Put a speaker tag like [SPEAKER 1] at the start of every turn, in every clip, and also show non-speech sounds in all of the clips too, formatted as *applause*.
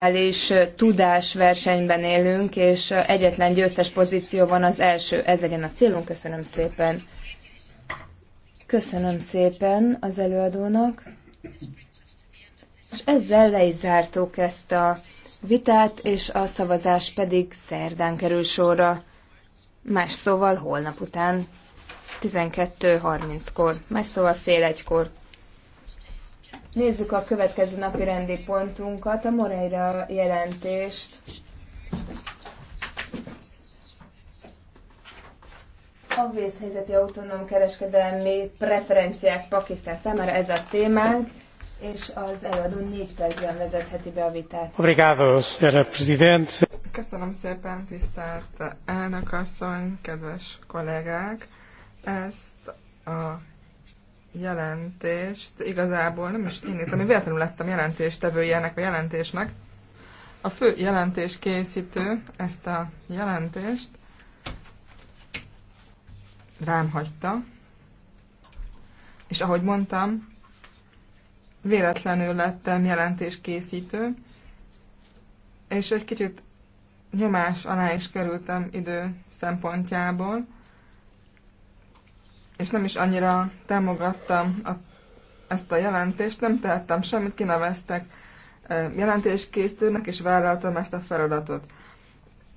[SPEAKER 1] globális tudásversenyben élünk, és egyetlen győztes pozíció van az első. Ez legyen a célunk. Köszönöm szépen. Köszönöm szépen az előadónak. És ezzel le is zártuk ezt a vitát, és a szavazás pedig szerdán kerül sorra. Más szóval holnap után 12.30-kor, más szóval fél egykor. Nézzük a következő napi rendi pontunkat, a Moreira jelentést. A vészhelyzeti autonóm kereskedelmi preferenciák Pakisztán számára ez a témánk, és az előadó négy percben vezetheti be a vitát.
[SPEAKER 2] Obrigado,
[SPEAKER 3] Köszönöm szépen, tisztelt elnök asszony, kedves kollégák! Ezt a jelentést igazából nem is én írtam, én véletlenül lettem jelentéstevője ennek a jelentésnek. A fő jelentés készítő ezt a jelentést rám hagyta, és ahogy mondtam, véletlenül lettem jelentés készítő, és egy kicsit nyomás alá is kerültem idő szempontjából, és nem is annyira támogattam a, ezt a jelentést, nem tehettem semmit, kineveztek jelentéskészítőnek, és vállaltam ezt a feladatot.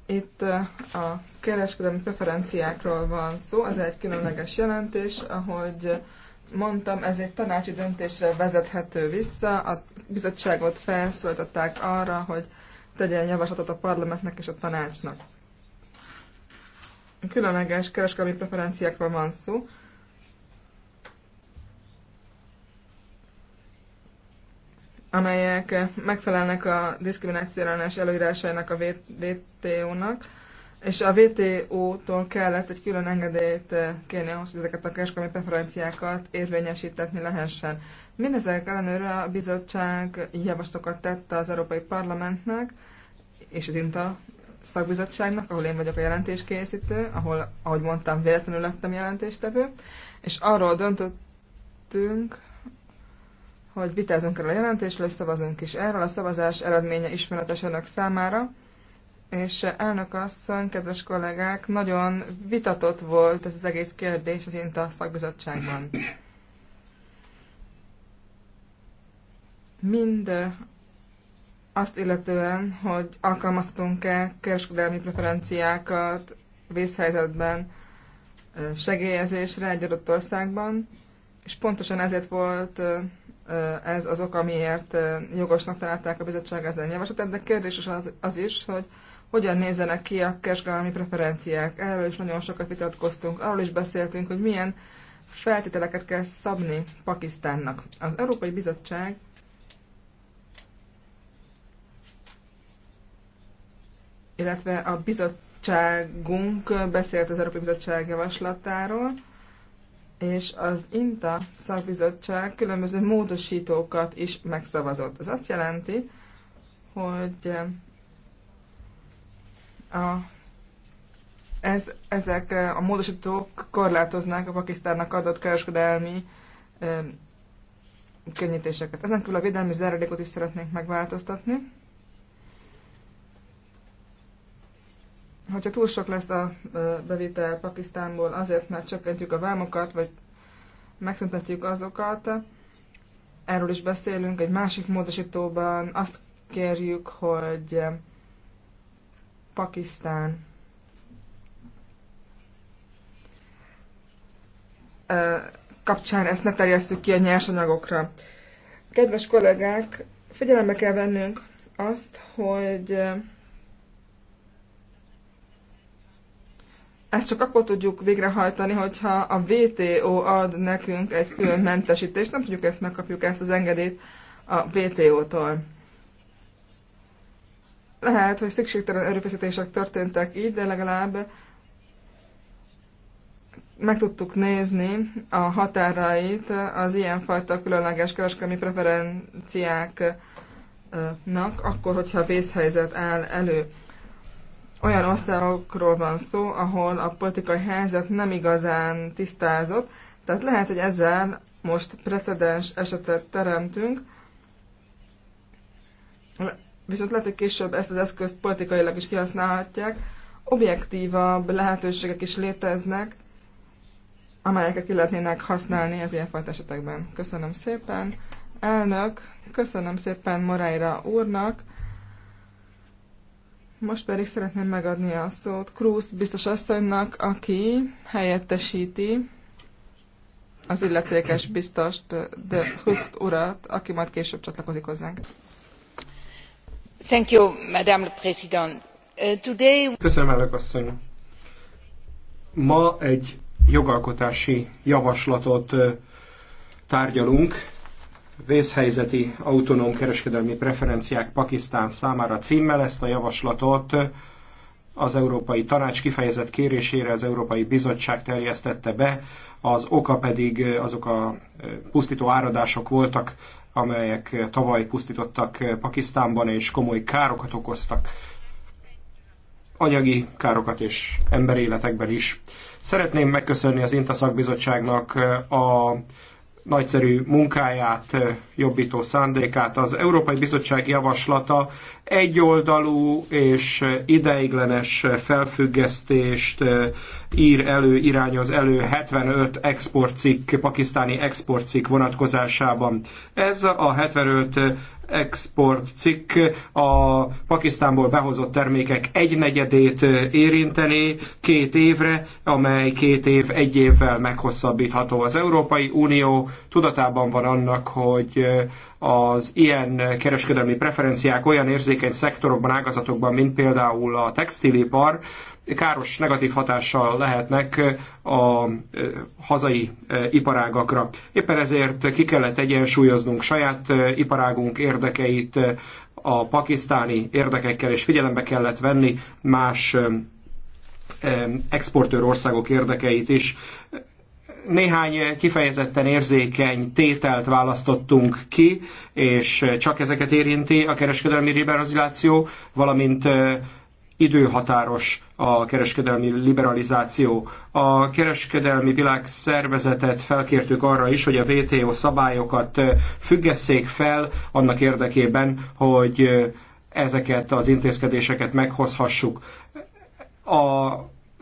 [SPEAKER 3] Itt a kereskedelmi preferenciákról van szó, ez egy különleges jelentés, ahogy mondtam, ez egy tanácsi döntésre vezethető vissza. A bizottságot felszólították arra, hogy tegyen javaslatot a parlamentnek és a tanácsnak. Különleges kereskedelmi preferenciákról van szó, amelyek megfelelnek a diszkriminációellenes előírásainak a WTO-nak, és a WTO-tól kellett egy külön engedélyt eh, kérni ahhoz, hogy ezeket a kereskedelmi preferenciákat érvényesítetni lehessen. Mindezek ellenőre a bizottság javaslatokat tette az Európai Parlamentnek és az INTA szakbizottságnak, ahol én vagyok a jelentéskészítő, ahol, ahogy mondtam, véletlenül lettem jelentéstevő, és arról döntöttünk, hogy vitázunk erről a jelentésről, és szavazunk is erről. A szavazás eredménye ismeretes önök számára. És eh, elnök asszony, kedves kollégák, nagyon vitatott volt ez az egész kérdés az INTA szakbizottságban. Mind eh, azt illetően, hogy alkalmazhatunk-e kereskedelmi preferenciákat vészhelyzetben eh, segélyezésre egy adott országban, és pontosan ezért volt ez az oka, miért jogosnak találták a bizottság ezzel javaslatát, de kérdés is az, az is, hogy hogyan nézzenek ki a kereskedelmi preferenciák. Erről is nagyon sokat vitatkoztunk, arról is beszéltünk, hogy milyen feltételeket kell szabni Pakisztánnak. Az Európai Bizottság illetve a bizottságunk beszélt az Európai Bizottság javaslatáról, és az INTA szakbizottság különböző módosítókat is megszavazott. Ez azt jelenti, hogy eh, a, ez, ezek eh, a módosítók korlátoznák a Pakisztánnak adott kereskedelmi eh, könnyítéseket. Ezen kívül a védelmi záradékot is szeretnénk megváltoztatni. hogyha túl sok lesz a bevétel Pakisztánból azért, mert csökkentjük a vámokat, vagy megszüntetjük azokat, erről is beszélünk, egy másik módosítóban azt kérjük, hogy Pakisztán kapcsán ezt ne terjesszük ki a nyersanyagokra. Kedves kollégák, figyelembe kell vennünk azt, hogy Ezt csak akkor tudjuk végrehajtani, hogyha a WTO ad nekünk egy külön mentesítést, nem tudjuk ezt megkapjuk ezt az engedélyt a WTO-tól. Lehet, hogy szükségtelen erőfeszítések történtek így, de legalább meg tudtuk nézni a határait az ilyenfajta különleges kereskedelmi preferenciáknak, akkor, hogyha vészhelyzet áll elő olyan országokról van szó, ahol a politikai helyzet nem igazán tisztázott, tehát lehet, hogy ezzel most precedens esetet teremtünk, viszont lehet, hogy később ezt az eszközt politikailag is kihasználhatják, objektívabb lehetőségek is léteznek, amelyeket ki lehetnének használni az ilyenfajta esetekben. Köszönöm szépen, elnök, köszönöm szépen Moraira úrnak, most pedig szeretném megadni a szót Krusz biztos asszonynak, aki helyettesíti az illetékes biztost, de Hucht urat, aki majd később csatlakozik hozzánk. Thank you, Madame le Uh, today...
[SPEAKER 2] Köszönöm, elnök asszony. Ma egy jogalkotási javaslatot uh, tárgyalunk, vészhelyzeti autonóm kereskedelmi preferenciák Pakisztán számára címmel ezt a javaslatot az Európai Tanács kifejezett kérésére az Európai Bizottság terjesztette be, az oka pedig eh, azok a eh, pusztító áradások voltak, amelyek tavaly pusztítottak eh, Pakisztánban és komoly károkat okoztak, anyagi károkat és emberéletekben is. Szeretném megköszönni az INTA szakbizottságnak a nagyszerű munkáját, eh, jobbító szándékát. Az Európai Bizottság javaslata egyoldalú és eh, ideiglenes eh, felfüggesztést ír elő, irányoz elő 75 exportcikk, pakisztáni exportcikk vonatkozásában. Ez a 75 export cikk a Pakisztánból behozott termékek egynegyedét érinteni két évre, amely két év egy évvel meghosszabbítható. Az Európai Unió tudatában van annak, hogy az ilyen kereskedelmi preferenciák olyan érzékeny szektorokban, ágazatokban, mint például a textilipar, káros negatív hatással lehetnek a hazai iparágakra. Éppen ezért ki kellett egyensúlyoznunk saját iparágunk érdekeit a pakisztáni érdekekkel, és figyelembe kellett venni más exportőr országok érdekeit is néhány kifejezetten érzékeny tételt választottunk ki, és csak ezeket érinti a kereskedelmi liberalizáció, valamint időhatáros a kereskedelmi liberalizáció. A kereskedelmi világszervezetet felkértük arra is, hogy a WTO szabályokat függesszék fel annak érdekében, hogy ezeket az intézkedéseket meghozhassuk. A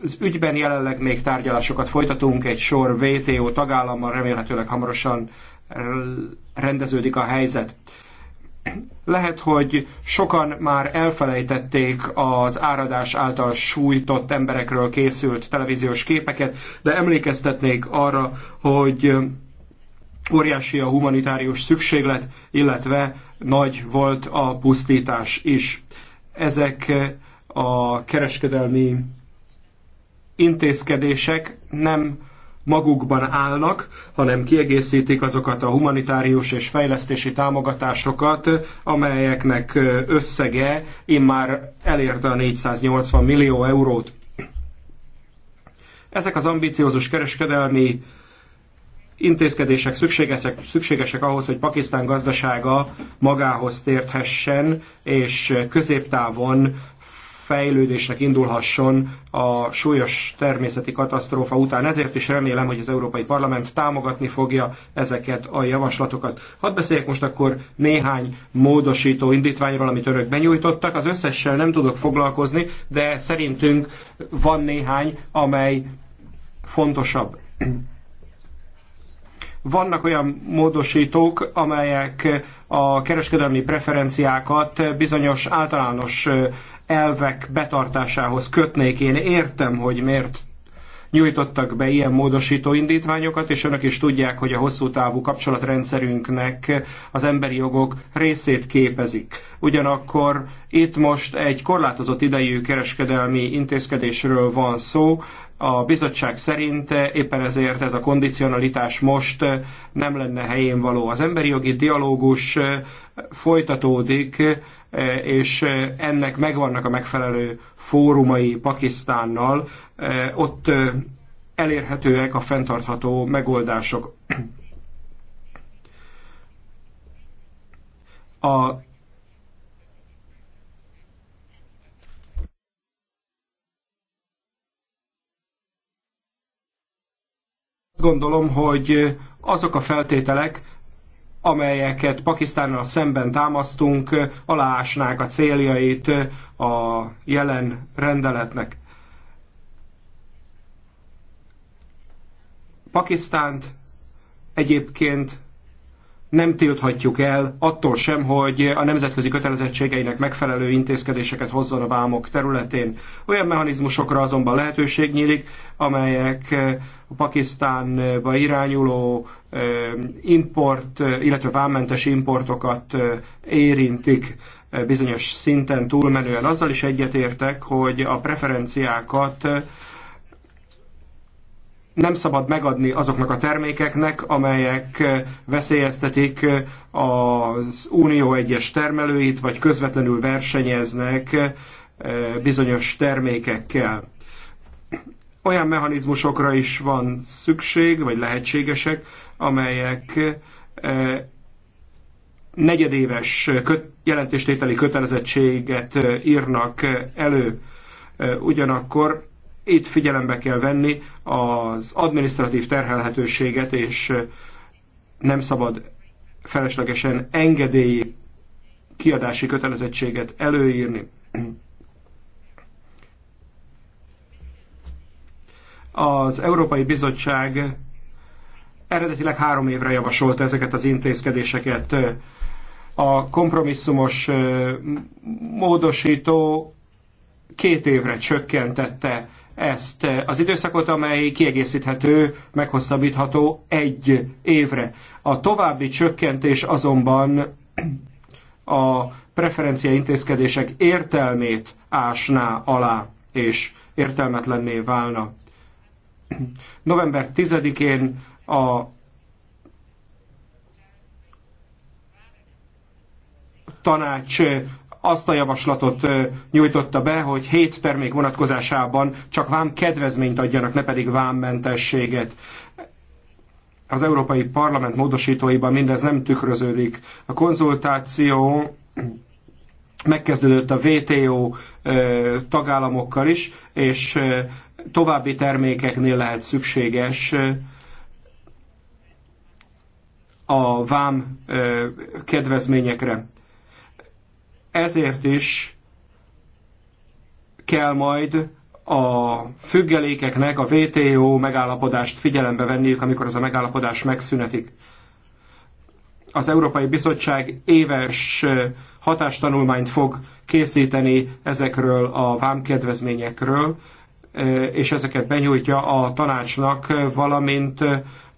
[SPEAKER 2] az ügyben jelenleg még tárgyalásokat folytatunk, egy sor VTO tagállammal remélhetőleg hamarosan rendeződik a helyzet. Lehet, hogy sokan már elfelejtették az áradás által sújtott emberekről készült televíziós képeket, de emlékeztetnék arra, hogy óriási a humanitárius szükséglet, illetve nagy volt a pusztítás is. Ezek a kereskedelmi intézkedések nem magukban állnak, hanem kiegészítik azokat a humanitárius és fejlesztési támogatásokat, amelyeknek összege immár elérte a 480 millió eurót. Ezek az ambiciózus kereskedelmi intézkedések szükségesek, szükségesek ahhoz, hogy Pakisztán gazdasága magához térthessen, és középtávon fejlődésnek indulhasson a súlyos természeti katasztrófa után. Ezért is remélem, hogy az Európai Parlament támogatni fogja ezeket a javaslatokat. Hadd beszéljek most akkor néhány módosító indítványról, amit önök benyújtottak. Az összessel nem tudok foglalkozni, de szerintünk van néhány, amely fontosabb. Vannak olyan módosítók, amelyek a kereskedelmi preferenciákat bizonyos általános elvek betartásához kötnék. Én értem, hogy miért nyújtottak be ilyen módosító indítványokat, és önök is tudják, hogy a hosszú távú kapcsolatrendszerünknek az emberi jogok részét képezik. Ugyanakkor itt most egy korlátozott idejű kereskedelmi intézkedésről van szó, a bizottság szerint éppen ezért ez a kondicionalitás most nem lenne helyén való. Az emberi jogi dialógus folytatódik, és ennek megvannak a megfelelő fórumai Pakisztánnal. Ott elérhetőek a fenntartható megoldások. A gondolom, hogy azok a feltételek, amelyeket Pakisztánnal szemben támasztunk, aláásnák a céljait a jelen rendeletnek. Pakisztánt egyébként nem tilthatjuk el attól sem, hogy a nemzetközi kötelezettségeinek megfelelő intézkedéseket hozzon a vámok területén. Olyan mechanizmusokra azonban lehetőség nyílik, amelyek eh, a Pakisztánba irányuló eh, import, eh, illetve vámmentes importokat érintik bizonyos szinten túlmenően. Azzal is egyetértek, hogy a preferenciákat nem szabad megadni azoknak a termékeknek, amelyek eh, veszélyeztetik eh, az unió egyes termelőit, vagy közvetlenül versenyeznek eh, bizonyos termékekkel. Olyan mechanizmusokra is van szükség, vagy lehetségesek, amelyek negyedéves jelentéstételi kötelezettséget írnak elő. Ugyanakkor itt figyelembe kell venni az administratív terhelhetőséget, és nem szabad feleslegesen engedélyi kiadási kötelezettséget előírni. Az Európai Bizottság eredetileg három évre javasolt ezeket az intézkedéseket. A kompromisszumos módosító két évre csökkentette ezt eh, az időszakot, amely kiegészíthető, meghosszabbítható egy évre. A további csökkentés azonban a preferencia intézkedések értelmét ásná alá, és értelmetlenné válna. November 10-én a tanács azt a javaslatot nyújtotta be, hogy hét termék vonatkozásában csak vám kedvezményt adjanak, ne pedig vámmentességet az Európai Parlament módosítóiban mindez nem tükröződik. A konzultáció megkezdődött a WTO tagállamokkal is, és további termékeknél lehet szükséges a vám kedvezményekre. Ezért is kell majd a függelékeknek a WTO megállapodást figyelembe venniük, amikor ez a megállapodás megszünetik. Az Európai Bizottság éves hatástanulmányt fog készíteni ezekről a vámkedvezményekről, és ezeket benyújtja a tanácsnak, valamint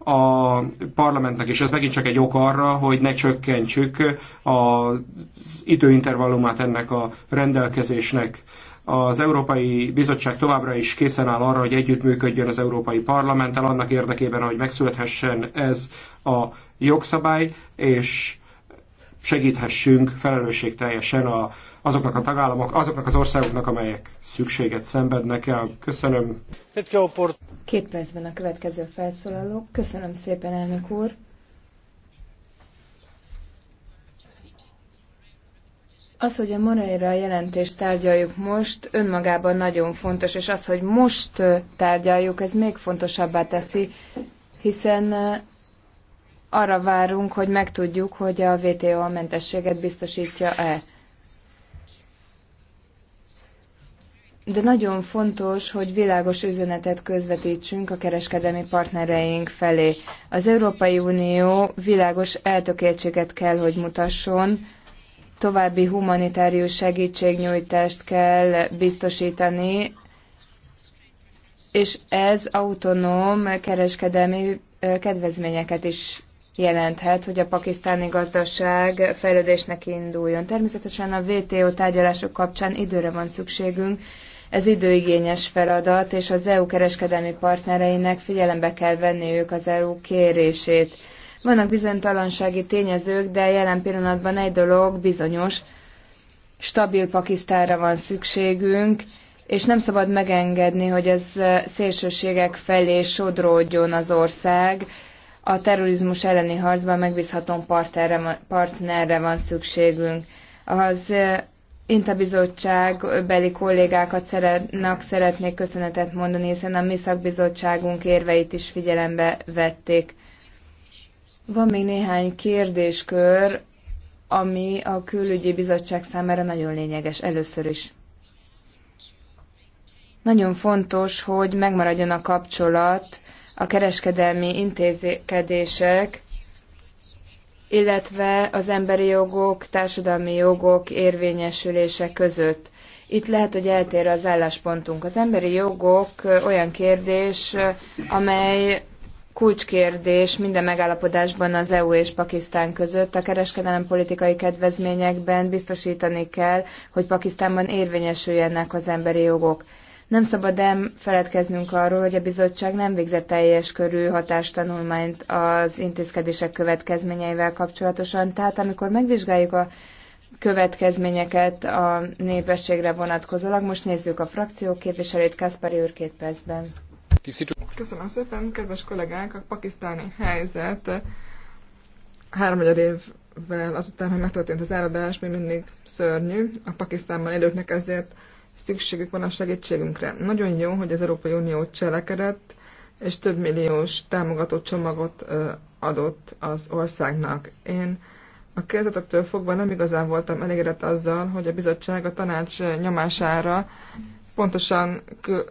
[SPEAKER 2] a parlamentnek, és ez megint csak egy ok arra, hogy ne csökkentsük az időintervallumát ennek a rendelkezésnek az Európai Bizottság továbbra is készen áll arra, hogy együttműködjön az Európai Parlamenttel annak érdekében, hogy megszülethessen ez a jogszabály, és segíthessünk felelősségteljesen a, azoknak a tagállamok, azoknak az országoknak, amelyek szükséget szenvednek el. Köszönöm.
[SPEAKER 1] Két percben a következő felszólalók. Köszönöm szépen, elnök úr. Az, hogy a Moreira jelentést tárgyaljuk most, önmagában nagyon fontos, és az, hogy most tárgyaljuk, ez még fontosabbá teszi, hiszen arra várunk, hogy megtudjuk, hogy a WTO a mentességet biztosítja-e. de nagyon fontos, hogy világos üzenetet közvetítsünk a kereskedelmi partnereink felé. Az Európai Unió világos eltökéltséget kell, hogy mutasson, további humanitárius segítségnyújtást kell biztosítani, és ez autonóm kereskedelmi kedvezményeket is jelenthet, hogy a pakisztáni gazdaság fejlődésnek induljon. Természetesen a WTO tárgyalások kapcsán időre van szükségünk, ez időigényes feladat, és az EU kereskedelmi partnereinek figyelembe kell venniük az EU kérését. Vannak bizonytalansági tényezők, de jelen pillanatban egy dolog bizonyos, stabil Pakisztánra van szükségünk, és nem szabad megengedni, hogy ez szélsőségek felé sodródjon az ország. A terrorizmus elleni harcban megbízható partnerre, partnerre van szükségünk. Az a bizottság beli kollégákat szeretnek, szeretnék köszönetet mondani, hiszen a mi szakbizottságunk érveit is figyelembe vették. Van még néhány kérdéskör, ami a külügyi bizottság számára nagyon lényeges először is. Nagyon fontos, hogy megmaradjon a kapcsolat a kereskedelmi intézkedések illetve az emberi jogok, társadalmi jogok érvényesülése között. Itt lehet, hogy eltér az álláspontunk. Az emberi jogok olyan kérdés, amely kulcskérdés minden megállapodásban az EU és Pakisztán között. A kereskedelem politikai kedvezményekben biztosítani kell, hogy Pakisztánban érvényesüljenek az emberi jogok. Nem szabad elfeledkeznünk arról, hogy a bizottság nem végzett teljes körű hatástanulmányt az intézkedések következményeivel kapcsolatosan. Tehát amikor megvizsgáljuk a következményeket a népességre vonatkozólag, most nézzük a frakciók képviselőt Kaspari úr két percben.
[SPEAKER 3] Köszönöm szépen, kedves kollégák! A pakisztáni helyzet három évvel azután, hogy megtörtént az áradás, még mindig szörnyű. A Pakisztánban élőknek ezért szükségük van a segítségünkre. Nagyon jó, hogy az Európai Unió cselekedett, és több milliós támogató csomagot adott az országnak. Én a kezdetektől fogva nem igazán voltam elégedett azzal, hogy a bizottság a tanács nyomására pontosan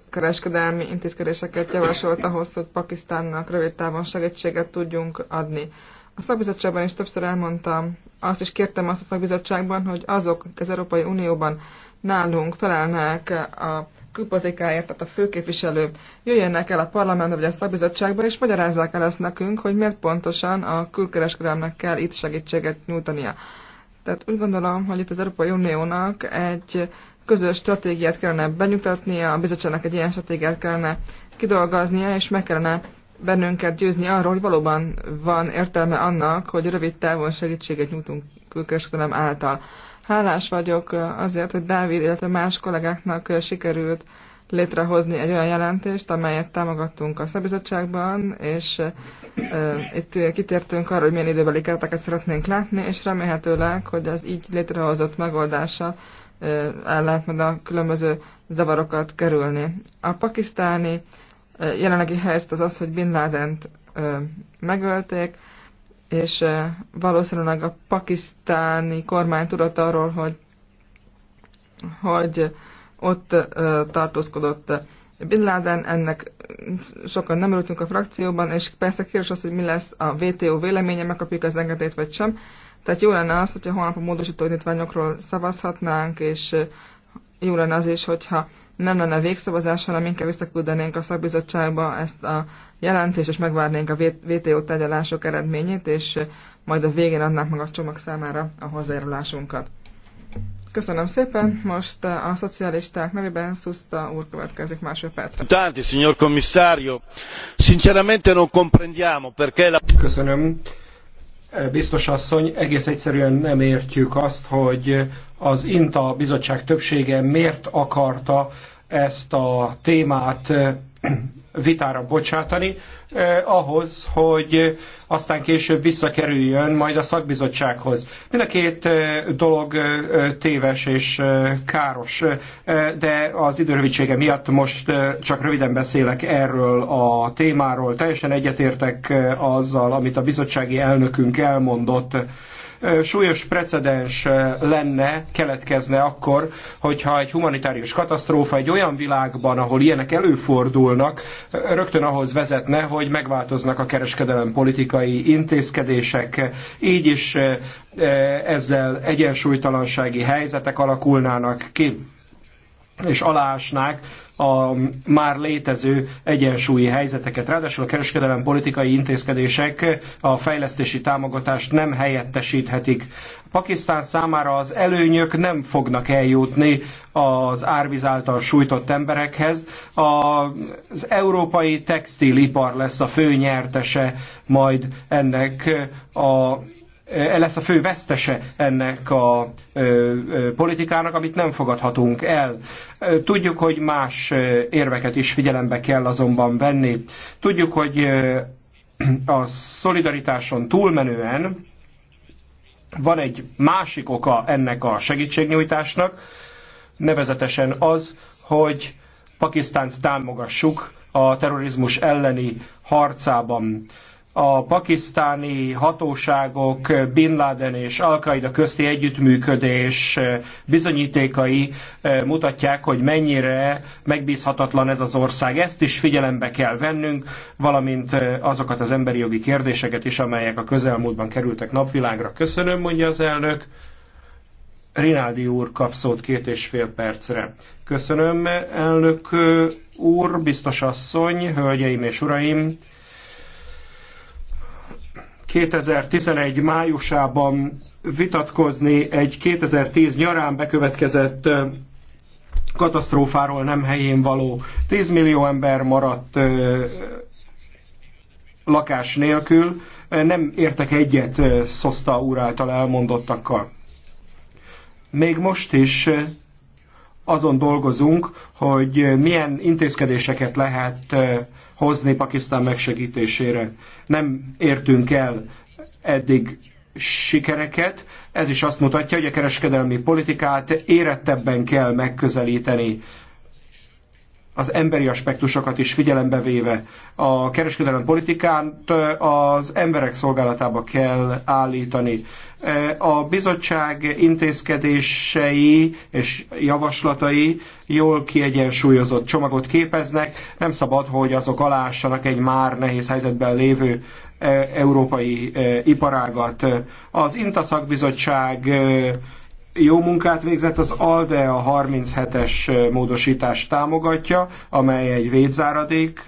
[SPEAKER 3] kereskedelmi intézkedéseket javasolt ahhoz, hogy Pakisztánnak rövid távon segítséget tudjunk adni. A szakbizottságban is többször elmondtam, azt is kértem azt a szakbizottságban, hogy azok, az Európai Unióban nálunk felelnek a külpolitikáért, tehát a főképviselő, jöjjenek el a parlamentbe vagy a szakbizottságba, és magyarázzák el ezt nekünk, hogy miért pontosan a külkereskedelmnek kell itt segítséget nyújtania. Tehát úgy gondolom, hogy itt az Európai Uniónak egy közös stratégiát kellene benyújtatnia, a bizottságnak egy ilyen stratégiát kellene kidolgoznia, és meg kellene bennünket győzni arról, hogy valóban van értelme annak, hogy rövid távon segítséget nyújtunk külkereskedelem által. Hálás vagyok azért, hogy Dávid, illetve más kollégáknak sikerült létrehozni egy olyan jelentést, amelyet támogattunk a szabizottságban, és e, itt kitértünk arra, hogy milyen időbeli kereteket szeretnénk látni, és remélhetőleg, hogy az így létrehozott megoldással e, el lehet majd a különböző zavarokat kerülni. A pakisztáni e, jelenlegi helyzet az az, hogy Bin Laden-t e, megölték, és valószínűleg a pakisztáni kormány tudott arról, hogy, hogy ott tartózkodott Bin Laden, ennek sokan nem örültünk a frakcióban, és persze kérdés az, hogy mi lesz a WTO véleménye, megkapjuk az engedélyt vagy sem. Tehát jó lenne az, hogyha holnap a módosító indítványokról szavazhatnánk, és jó lenne az is, hogyha nem lenne végszavazás, hanem inkább visszaküldenénk a szakbizottságba ezt a jelentést, és megvárnénk a VTO tárgyalások eredményét, és majd a végén adnánk meg a csomag számára a hozzájárulásunkat. Köszönöm szépen, most a szocialisták nevében Szuszta úr következik másodpercre.
[SPEAKER 2] Tanti, signor commissario, sinceramente non comprendiamo perché la... Köszönöm. Biztos asszony, egész egyszerűen nem értjük azt, hogy az INTA bizottság többsége miért akarta ezt a témát vitára bocsátani, eh, ahhoz, hogy aztán később visszakerüljön majd a szakbizottsághoz. Mind a két eh, dolog eh, téves és eh, káros, eh, de az időrövidsége miatt most eh, csak röviden beszélek erről a témáról. Teljesen egyetértek eh, azzal, amit a bizottsági elnökünk elmondott súlyos precedens lenne, keletkezne akkor, hogyha egy humanitárius katasztrófa egy olyan világban, ahol ilyenek előfordulnak, rögtön ahhoz vezetne, hogy megváltoznak a kereskedelem politikai intézkedések, így is ezzel egyensúlytalansági helyzetek alakulnának ki és aláásnák a már létező egyensúlyi helyzeteket. Ráadásul a kereskedelem politikai intézkedések a fejlesztési támogatást nem helyettesíthetik. Pakisztán számára az előnyök nem fognak eljutni az árvíz által sújtott emberekhez. Az európai textilipar lesz a fő nyertese majd ennek a E, lesz a fő vesztese ennek a e, e, politikának, amit nem fogadhatunk el. Tudjuk, hogy más érveket is figyelembe kell azonban venni. Tudjuk, hogy a szolidaritáson túlmenően van egy másik oka ennek a segítségnyújtásnak, nevezetesen az, hogy Pakisztánt támogassuk a terrorizmus elleni harcában a pakisztáni hatóságok Bin Laden és Al-Qaida közti együttműködés eh, bizonyítékai eh, mutatják, hogy mennyire megbízhatatlan ez az ország. Ezt is figyelembe kell vennünk, valamint eh, azokat az emberi jogi kérdéseket is, amelyek a közelmúltban kerültek napvilágra. Köszönöm, mondja az elnök. Rinaldi úr kap szót két és fél percre. Köszönöm, elnök úr, biztos asszony, hölgyeim és uraim. 2011 májusában vitatkozni egy 2010 nyarán bekövetkezett katasztrófáról nem helyén való. 10 millió ember maradt lakás nélkül, nem értek egyet Szoszta úr által elmondottakkal. Még most is azon dolgozunk, hogy milyen intézkedéseket lehet hozni Pakisztán megsegítésére. Nem értünk el eddig sikereket. Ez is azt mutatja, hogy a kereskedelmi politikát érettebben kell megközelíteni az emberi aspektusokat is figyelembe véve a kereskedelmi politikát az emberek szolgálatába kell állítani. A bizottság intézkedései és javaslatai jól kiegyensúlyozott csomagot képeznek, nem szabad, hogy azok alássanak egy már nehéz helyzetben lévő európai iparágat. Az Intaszakbizottság bizottság jó munkát végzett, az ALDE a 37-es módosítást támogatja, amely egy védzáradék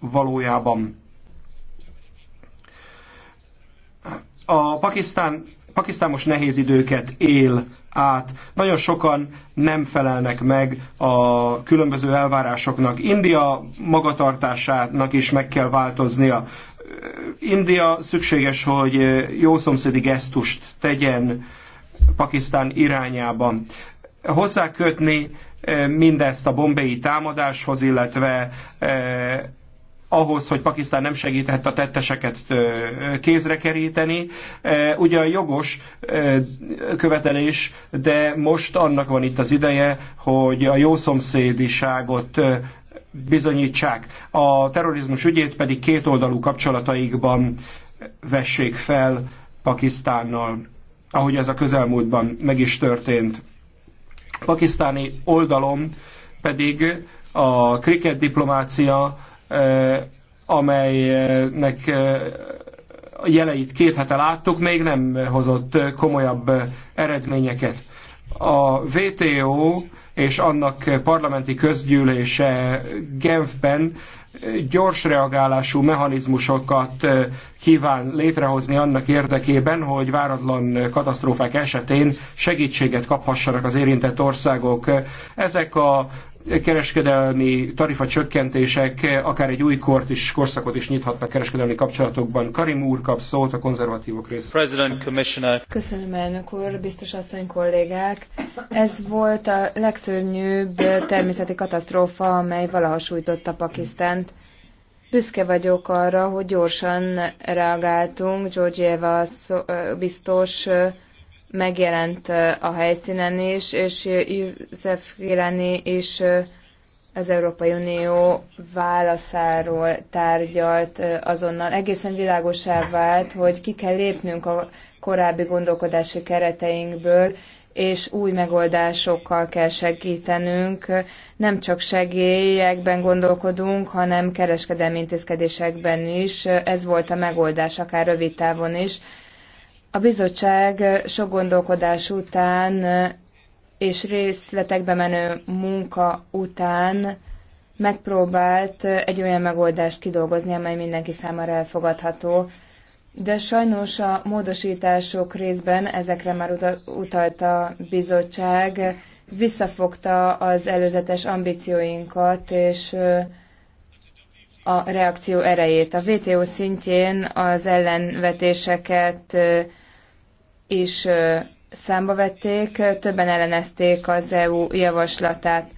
[SPEAKER 2] valójában. A Pakisztán, Pakisztán most nehéz időket él át. Nagyon sokan nem felelnek meg a különböző elvárásoknak. India magatartásának is meg kell változnia. India szükséges, hogy jó szomszédi gesztust tegyen Pakisztán irányában Hozzákötni eh, mindezt a bombéi támadáshoz, illetve eh, ahhoz, hogy Pakisztán nem segíthet a tetteseket eh, kézre keríteni. Ugyan jogos követelés, de most annak van itt az ideje, hogy a jó szomszédiságot bizonyítsák. A terrorizmus ügyét pedig kétoldalú kapcsolataikban vessék fel Pakisztánnal ahogy ez a közelmúltban meg is történt. Pakisztáni oldalon pedig a kriket diplomácia, amelynek jeleit két hete láttuk, még nem hozott komolyabb eredményeket. A WTO és annak parlamenti közgyűlése Genfben gyors reagálású mechanizmusokat kíván létrehozni annak érdekében, hogy váratlan katasztrófák esetén segítséget kaphassanak az érintett országok. Ezek a kereskedelmi tarifa csökkentések akár egy új kort is, korszakot is nyithatnak kereskedelmi kapcsolatokban. Karim úr kap szót a konzervatívok részéről.
[SPEAKER 1] Köszönöm, elnök úr, biztos asszony kollégák. Ez volt a legszörnyűbb természeti katasztrófa, amely valaha sújtotta Pakisztán. Büszke vagyok arra, hogy gyorsan reagáltunk. Georgieva biztos megjelent a helyszínen is, és József Kirani is az Európai Unió válaszáról tárgyalt azonnal. Egészen világosá vált, hogy ki kell lépnünk a korábbi gondolkodási kereteinkből, és új megoldásokkal kell segítenünk. Nem csak segélyekben gondolkodunk, hanem kereskedelmi intézkedésekben is. Ez volt a megoldás, akár rövid távon is. A bizottság sok gondolkodás után és részletekbe menő munka után megpróbált egy olyan megoldást kidolgozni, amely mindenki számára elfogadható de sajnos a módosítások részben, ezekre már utalt a bizottság, visszafogta az előzetes ambícióinkat, és a reakció erejét. A WTO szintjén az ellenvetéseket is számba vették, többen ellenezték az EU javaslatát.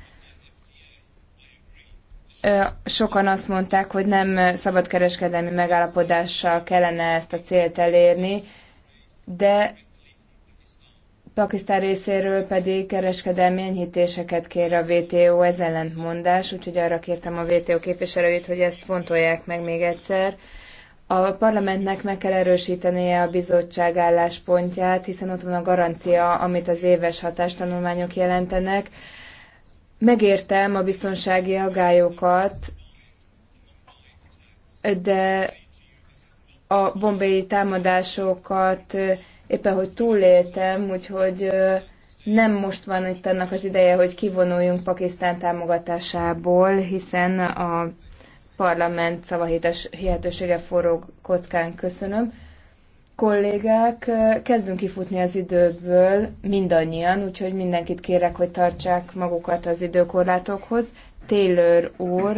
[SPEAKER 1] Sokan azt mondták, hogy nem szabadkereskedelmi megállapodással kellene ezt a célt elérni, de Pakisztán részéről pedig kereskedelmi enyhítéseket kér a WTO, ez ellentmondás, úgyhogy arra kértem a WTO képviselőit, hogy ezt fontolják meg még egyszer. A parlamentnek meg kell erősítenie a bizottság álláspontját, hiszen ott van a garancia, amit az éves hatástanulmányok jelentenek. Megértem a biztonsági agályokat, de a bombéi támadásokat éppen, hogy túléltem, úgyhogy nem most van itt annak az ideje, hogy kivonuljunk Pakisztán támogatásából, hiszen a parlament hihetősége forró kockán köszönöm kollégák, kezdünk kifutni az időből mindannyian, úgyhogy mindenkit kérek, hogy tartsák magukat az időkorlátokhoz. Taylor úr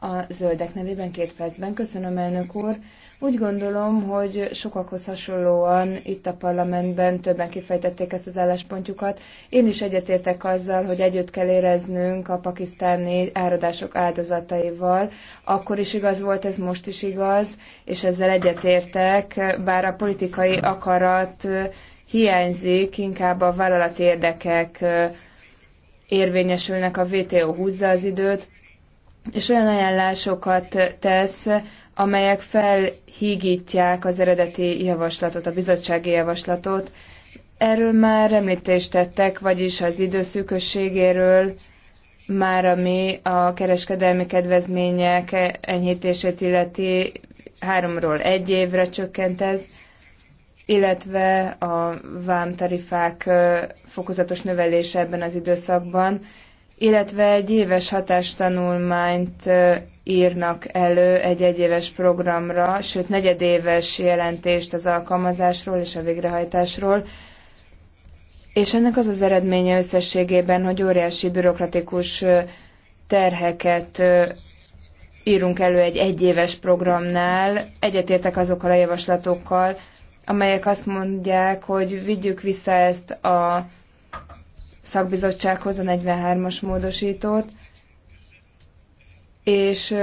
[SPEAKER 1] a zöldek nevében két percben. Köszönöm, elnök úr. Úgy gondolom, hogy sokakhoz hasonlóan itt a parlamentben többen kifejtették ezt az álláspontjukat. Én is egyetértek azzal, hogy együtt kell éreznünk a pakisztáni áradások áldozataival. Akkor is igaz volt, ez most is igaz, és ezzel egyetértek, bár a politikai akarat hiányzik, inkább a vállalati érdekek érvényesülnek, a VTO húzza az időt, és olyan ajánlásokat tesz, amelyek felhígítják az eredeti javaslatot, a bizottsági javaslatot. Erről már említést tettek, vagyis az időszűkösségéről, már ami a kereskedelmi kedvezmények enyhítését illeti, háromról egy évre csökkent ez, illetve a vámtarifák fokozatos növelése ebben az időszakban illetve egy éves hatástanulmányt írnak elő egy egyéves programra, sőt negyedéves jelentést az alkalmazásról és a végrehajtásról, és ennek az az eredménye összességében, hogy óriási bürokratikus terheket írunk elő egy egyéves programnál, egyetértek azokkal a javaslatokkal, amelyek azt mondják, hogy vigyük vissza ezt a szakbizottsághoz a 43-as módosítót, és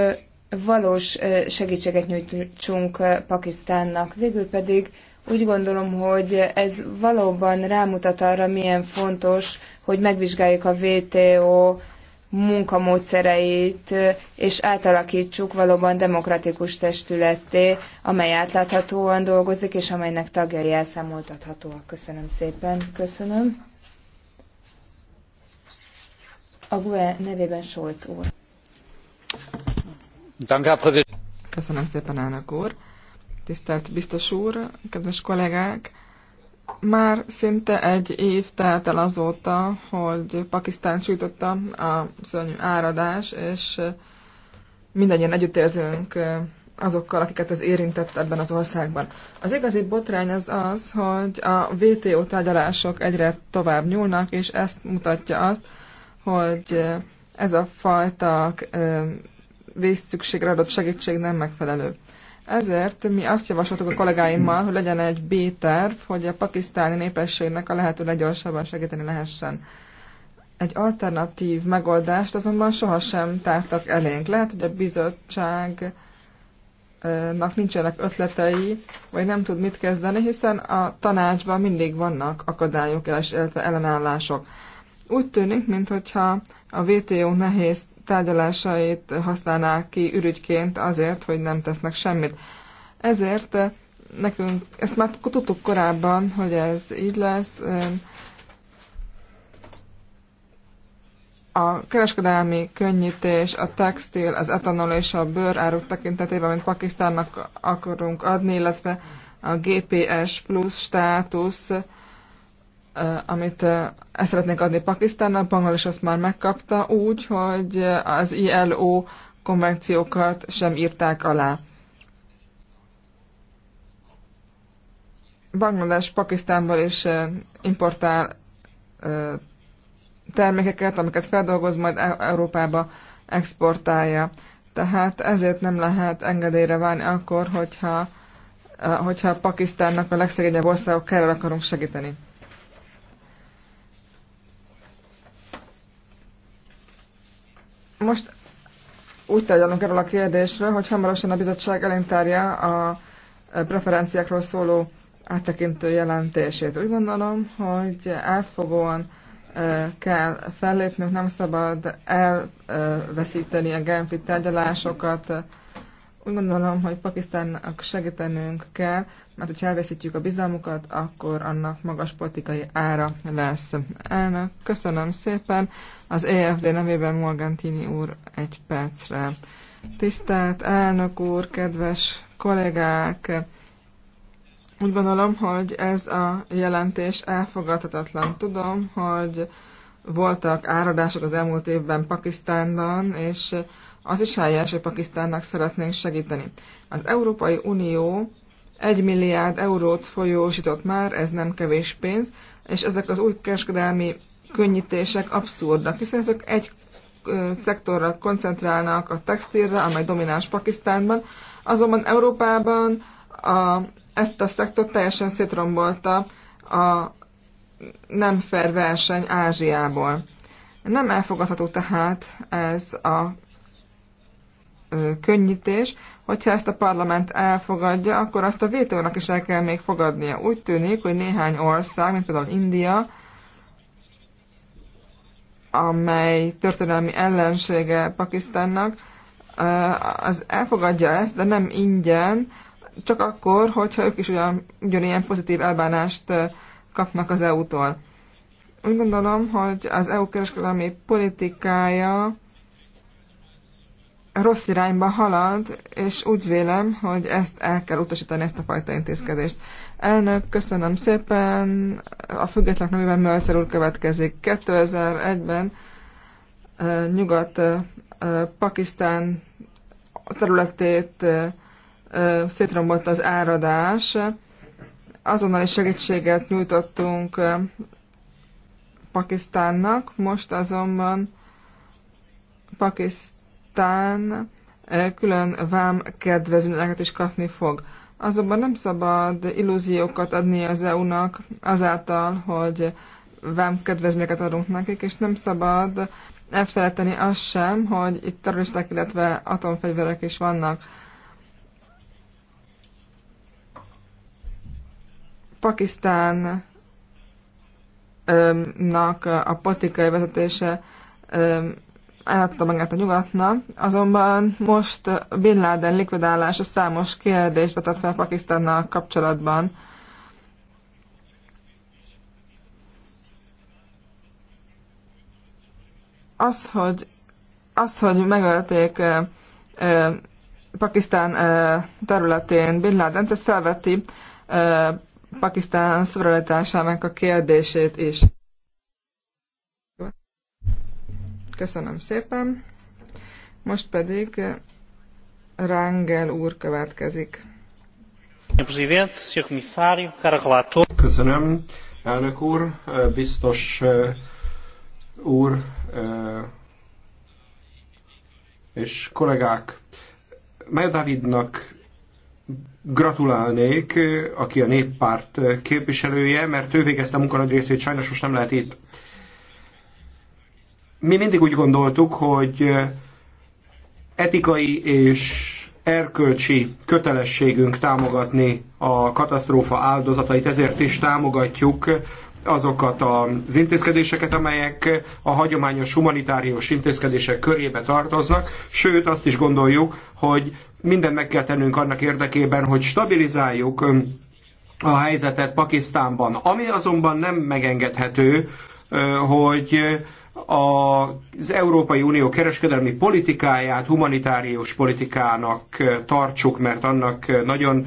[SPEAKER 1] valós segítséget nyújtsunk Pakisztánnak. Végül pedig úgy gondolom, hogy ez valóban rámutat arra, milyen fontos, hogy megvizsgáljuk a WTO munkamódszereit, és átalakítsuk valóban demokratikus testületté, amely átláthatóan dolgozik, és amelynek tagjai elszámoltathatóak. Köszönöm szépen. Köszönöm. A GUE nevében Solc úr.
[SPEAKER 3] Köszönöm szépen, elnök úr. Tisztelt biztos úr, kedves kollégák! Már szinte egy év telt el azóta, hogy Pakisztán sújtotta a szörnyű áradás, és mindannyian együttérzünk azokkal, akiket ez érintett ebben az országban. Az igazi botrány az az, hogy a WTO tárgyalások egyre tovább nyúlnak, és ezt mutatja azt, hogy ez a fajta vészszükségre adott segítség nem megfelelő. Ezért mi azt javasoltuk a kollégáimmal, hogy legyen egy B-terv, hogy a pakisztáni népességnek a lehető leggyorsabban segíteni lehessen. Egy alternatív megoldást azonban sohasem tártak elénk. Lehet, hogy a bizottságnak nincsenek ötletei, vagy nem tud mit kezdeni, hiszen a tanácsban mindig vannak akadályok, illetve ellenállások. Úgy tűnik, mintha a WTO nehéz tárgyalásait használnák ki ürügyként azért, hogy nem tesznek semmit. Ezért eh, nekünk, ezt már tudtuk korábban, hogy ez így lesz. Eh, a kereskedelmi könnyítés, a textil, az etanol és a áruk tekintetében, amit Pakisztánnak akarunk adni, illetve a GPS plusz státusz Eh, amit eh, ezt szeretnék adni Pakisztánnak, Banglades azt már megkapta úgy, hogy eh, az ILO konvenciókat sem írták alá. Banglades Pakisztánból is importál termékeket, amiket feldolgoz, majd e- Európába exportálja. Tehát ezért nem lehet engedélyre válni akkor, hogyha, hogyha Pakisztánnak a legszegényebb országok kell akarunk segíteni. Most úgy tárgyalunk erről a kérdésről, hogy hamarosan a bizottság elintárja a preferenciákról szóló áttekintő jelentését. Úgy gondolom, hogy átfogóan e, kell fellépnünk, nem szabad elveszíteni a Genfi tárgyalásokat, úgy gondolom, hogy Pakisztánnak segítenünk kell, mert hogyha elveszítjük a bizalmukat, akkor annak magas politikai ára lesz. Elnök, köszönöm szépen. Az EFD nevében Morgantini úr egy percre. Tisztelt elnök úr, kedves kollégák! Úgy gondolom, hogy ez a jelentés elfogadhatatlan. Tudom, hogy voltak áradások az elmúlt évben Pakisztánban, és az is helyes, hogy Pakisztánnak szeretnénk segíteni. Az Európai Unió 1 milliárd eurót folyósított már, ez nem kevés pénz, és ezek az új kereskedelmi könnyítések abszurdak, hiszen ezek egy szektorra koncentrálnak a textilre, amely domináns Pakisztánban, azonban Európában a, ezt a szektort teljesen szétrombolta a nem fair verseny Ázsiából. Nem elfogadható tehát ez a könnyítés, hogyha ezt a parlament elfogadja, akkor azt a vétónak is el kell még fogadnia. Úgy tűnik, hogy néhány ország, mint például India, amely történelmi ellensége Pakisztánnak, az elfogadja ezt, de nem ingyen, csak akkor, hogyha ők is ugyan, ugyanilyen pozitív elbánást kapnak az EU-tól. Úgy gondolom, hogy az EU kereskedelmi politikája rossz irányba halad, és úgy vélem, hogy ezt el kell utasítani, ezt a fajta intézkedést. Elnök, köszönöm szépen. A független nemében Mölcer úr következik. 2001-ben Nyugat-Pakisztán területét szétrombolt az áradás. Azonnali segítséget nyújtottunk Pakisztánnak, most azonban Pakisztán után eh, külön vám kedvezményeket is kapni fog. Azonban nem szabad illúziókat adni az EU-nak azáltal, hogy vám kedvezményeket adunk nekik, és nem szabad elfelejteni azt sem, hogy itt terroristák, illetve atomfegyverek is vannak. Pakisztánnak a politikai vezetése átadta magát a nyugatna, azonban most Bin Laden likvidálása számos kérdést vetett fel Pakisztánnal kapcsolatban. Az, hogy, az, hogy megölték eh, eh, Pakisztán eh, területén Bin Laden, ez felveti eh, Pakisztán szuverenitásának a kérdését is. Köszönöm szépen. Most pedig eh, Rangel úr következik.
[SPEAKER 2] Köszönöm, elnök úr, eh, biztos eh, úr és kollégák. Mely Davidnak gratulálnék, aki a néppárt képviselője, mert ő végezte a munkanagy részét, sajnos most nem lehet itt mi mindig úgy gondoltuk, hogy etikai és erkölcsi kötelességünk támogatni a katasztrófa áldozatait, ezért is támogatjuk azokat az intézkedéseket, amelyek a hagyományos humanitárius intézkedések körébe tartoznak, sőt azt is gondoljuk, hogy minden meg kell tennünk annak érdekében, hogy stabilizáljuk a helyzetet Pakisztánban. Ami azonban nem megengedhető, hogy az Európai Unió kereskedelmi politikáját humanitárius politikának eh, tartsuk, mert annak eh, nagyon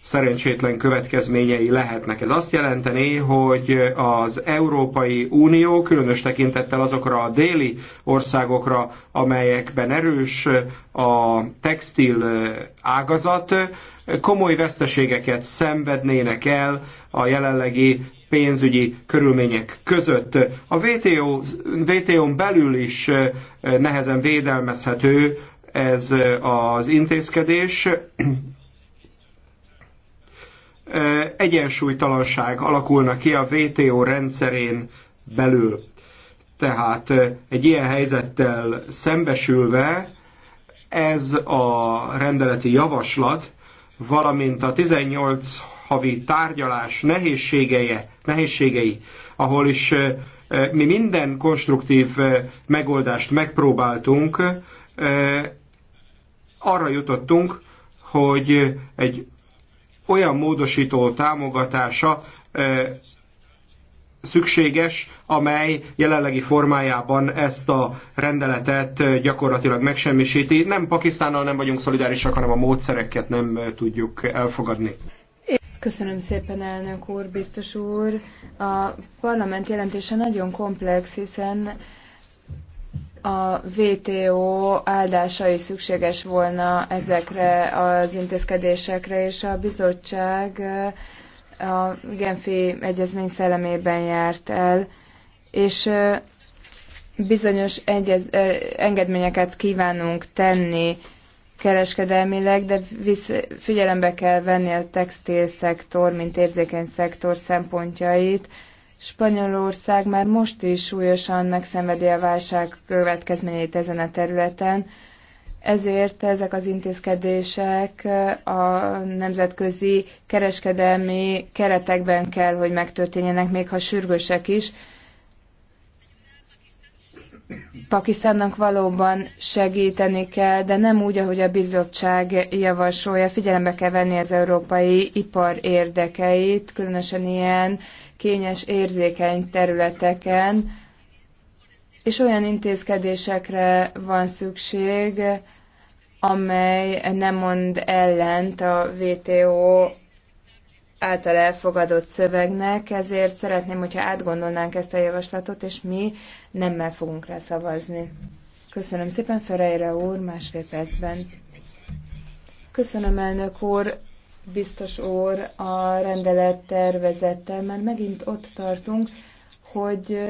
[SPEAKER 2] szerencsétlen következményei lehetnek. Ez azt jelenteni, hogy az Európai Unió különös tekintettel azokra a déli országokra, amelyekben erős eh, a textil ágazat, komoly veszteségeket szenvednének el a jelenlegi pénzügyi körülmények között. A WTO, WTO-n belül is nehezen védelmezhető ez az intézkedés. Egyensúlytalanság alakulna ki a WTO rendszerén belül. Tehát egy ilyen helyzettel szembesülve ez a rendeleti javaslat, valamint a 18 havi tárgyalás nehézségeje, nehézségei, ahol is mi minden konstruktív megoldást megpróbáltunk, arra jutottunk, hogy egy olyan módosító támogatása szükséges, amely jelenlegi formájában ezt a rendeletet gyakorlatilag megsemmisíti. Nem Pakisztánnal nem vagyunk szolidárisak, hanem a módszereket nem tudjuk elfogadni.
[SPEAKER 1] Köszönöm szépen, elnök úr, biztos úr. A parlament jelentése nagyon komplex, hiszen a VTO áldásai szükséges volna ezekre az intézkedésekre, és a bizottság eh, a Genfi egyezmény szellemében járt el, és eh, bizonyos egyez, eh, engedményeket kívánunk tenni kereskedelmileg, de visz, figyelembe kell venni a textil szektor, mint érzékeny szektor szempontjait. Spanyolország már most is súlyosan megszenvedi a válság következményeit ezen a területen, ezért ezek az intézkedések a nemzetközi kereskedelmi keretekben kell, hogy megtörténjenek, még ha sürgősek is, Pakisztánnak valóban segíteni kell, de nem úgy, ahogy a bizottság javasolja. Figyelembe kell venni az európai ipar érdekeit, különösen ilyen kényes, érzékeny területeken, és olyan intézkedésekre van szükség, amely nem mond ellent a WTO által elfogadott szövegnek, ezért szeretném, hogyha átgondolnánk ezt a javaslatot, és mi nemmel fogunk rá szavazni. Köszönöm szépen, Ferejre úr, másfél percben. Köszönöm, elnök úr, biztos úr, a rendelet tervezettel, mert megint ott tartunk, hogy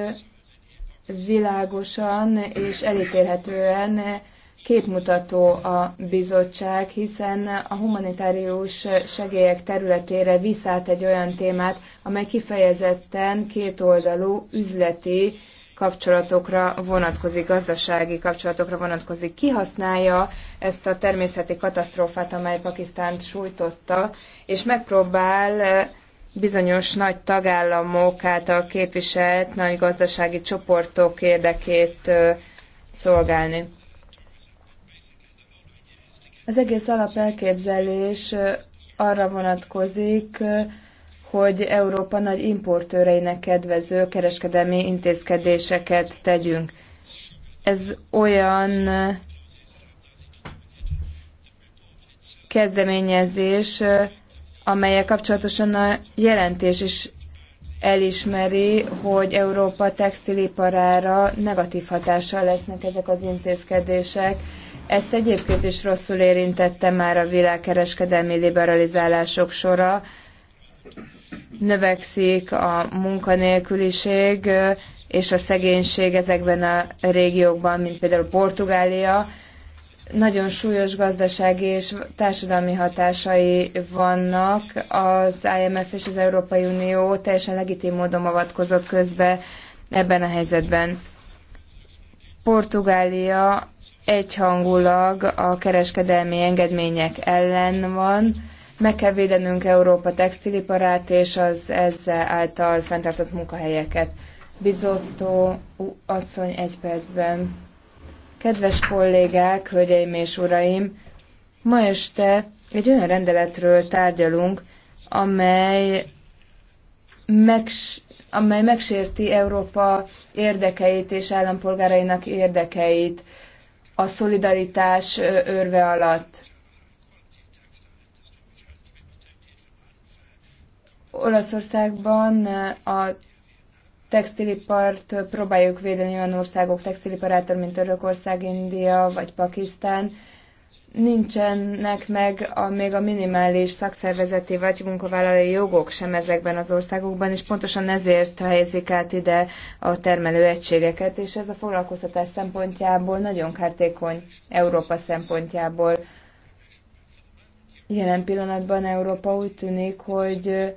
[SPEAKER 1] világosan és elítélhetően képmutató a bizottság, hiszen a humanitárius segélyek területére visszát egy olyan témát, amely kifejezetten kétoldalú üzleti kapcsolatokra vonatkozik, gazdasági kapcsolatokra vonatkozik. Kihasználja ezt a természeti katasztrófát, amely Pakisztánt sújtotta, és megpróbál eh, bizonyos nagy tagállamok által képviselt nagy gazdasági csoportok érdekét eh, szolgálni. Az egész elképzelés arra vonatkozik, hogy Európa nagy importőreinek kedvező kereskedelmi intézkedéseket tegyünk. Ez olyan kezdeményezés, amelyek kapcsolatosan a jelentés is elismeri, hogy Európa textiliparára negatív hatással lesznek ezek az intézkedések, ezt egyébként is rosszul érintette már a világkereskedelmi liberalizálások sora. Növekszik a munkanélküliség és a szegénység ezekben a régiókban, mint például Portugália. Nagyon súlyos gazdasági és társadalmi hatásai vannak. Az IMF és az Európai Unió teljesen legitim módon avatkozott közbe ebben a helyzetben. Portugália egyhangulag a kereskedelmi engedmények ellen van. Meg kell védenünk Európa textiliparát és az ezzel által fenntartott munkahelyeket. Bizottó asszony egy percben. Kedves kollégák, hölgyeim és uraim! Ma este egy olyan rendeletről tárgyalunk, amely, megs- amely megsérti Európa érdekeit és állampolgárainak érdekeit a szolidaritás örve alatt. Olaszországban a textilipart próbáljuk védeni olyan országok textiliparától, mint Örökország, India vagy Pakisztán, nincsenek meg a, még a minimális szakszervezeti vagy munkavállalói jogok sem ezekben az országokban, és pontosan ezért helyezik át ide a egységeket, és ez a foglalkoztatás szempontjából nagyon kártékony Európa szempontjából. Jelen pillanatban Európa úgy tűnik, hogy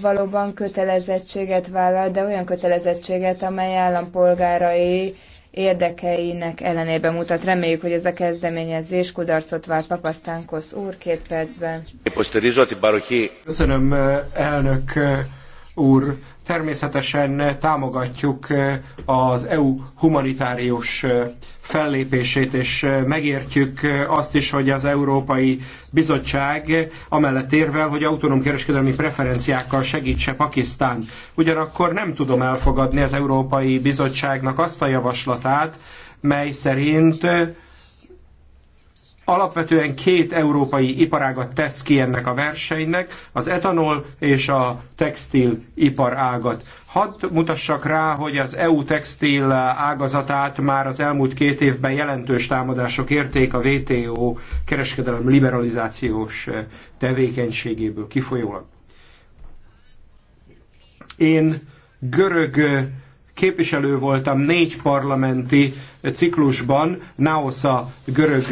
[SPEAKER 1] valóban kötelezettséget vállal, de olyan kötelezettséget, amely állampolgárai érdekeinek ellenébe mutat. Reméljük, hogy ez a kezdeményezés kudarcot vált Papasztánkosz úr két percben.
[SPEAKER 2] Köszönöm, eh, elnök eh, úr Természetesen támogatjuk az EU humanitárius fellépését, és megértjük azt is, hogy az Európai Bizottság amellett érvel, hogy autonóm kereskedelmi preferenciákkal segítse Pakisztán. Ugyanakkor nem tudom elfogadni az Európai Bizottságnak azt a javaslatát, mely szerint alapvetően két európai iparágat tesz ki ennek a versenynek, az etanol és a textil iparágat. Hadd mutassak rá, hogy az EU textil ágazatát már az elmúlt két évben jelentős támadások érték a WTO kereskedelem liberalizációs tevékenységéből kifolyólag. Én görög képviselő voltam négy parlamenti ciklusban, Naosza görög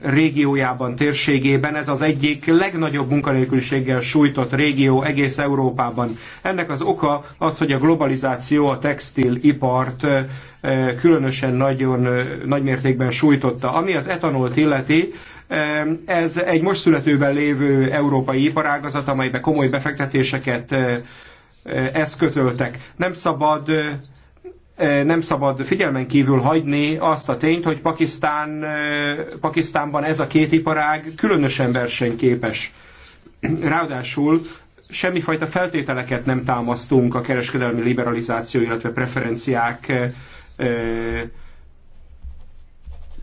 [SPEAKER 2] régiójában, térségében. Ez az egyik legnagyobb munkanélküliséggel sújtott régió egész Európában. Ennek az oka az, hogy a globalizáció a textilipart különösen nagyon nagy mértékben sújtotta. Ami az etanolt illeti, ez egy most születőben lévő európai iparágazat, amelybe komoly befektetéseket eszközöltek. Nem szabad nem szabad figyelmen kívül hagyni azt a tényt, hogy Pakisztán, Pakisztánban ez a két iparág különösen versenyképes. Ráadásul semmifajta feltételeket nem támasztunk a kereskedelmi liberalizáció, illetve preferenciák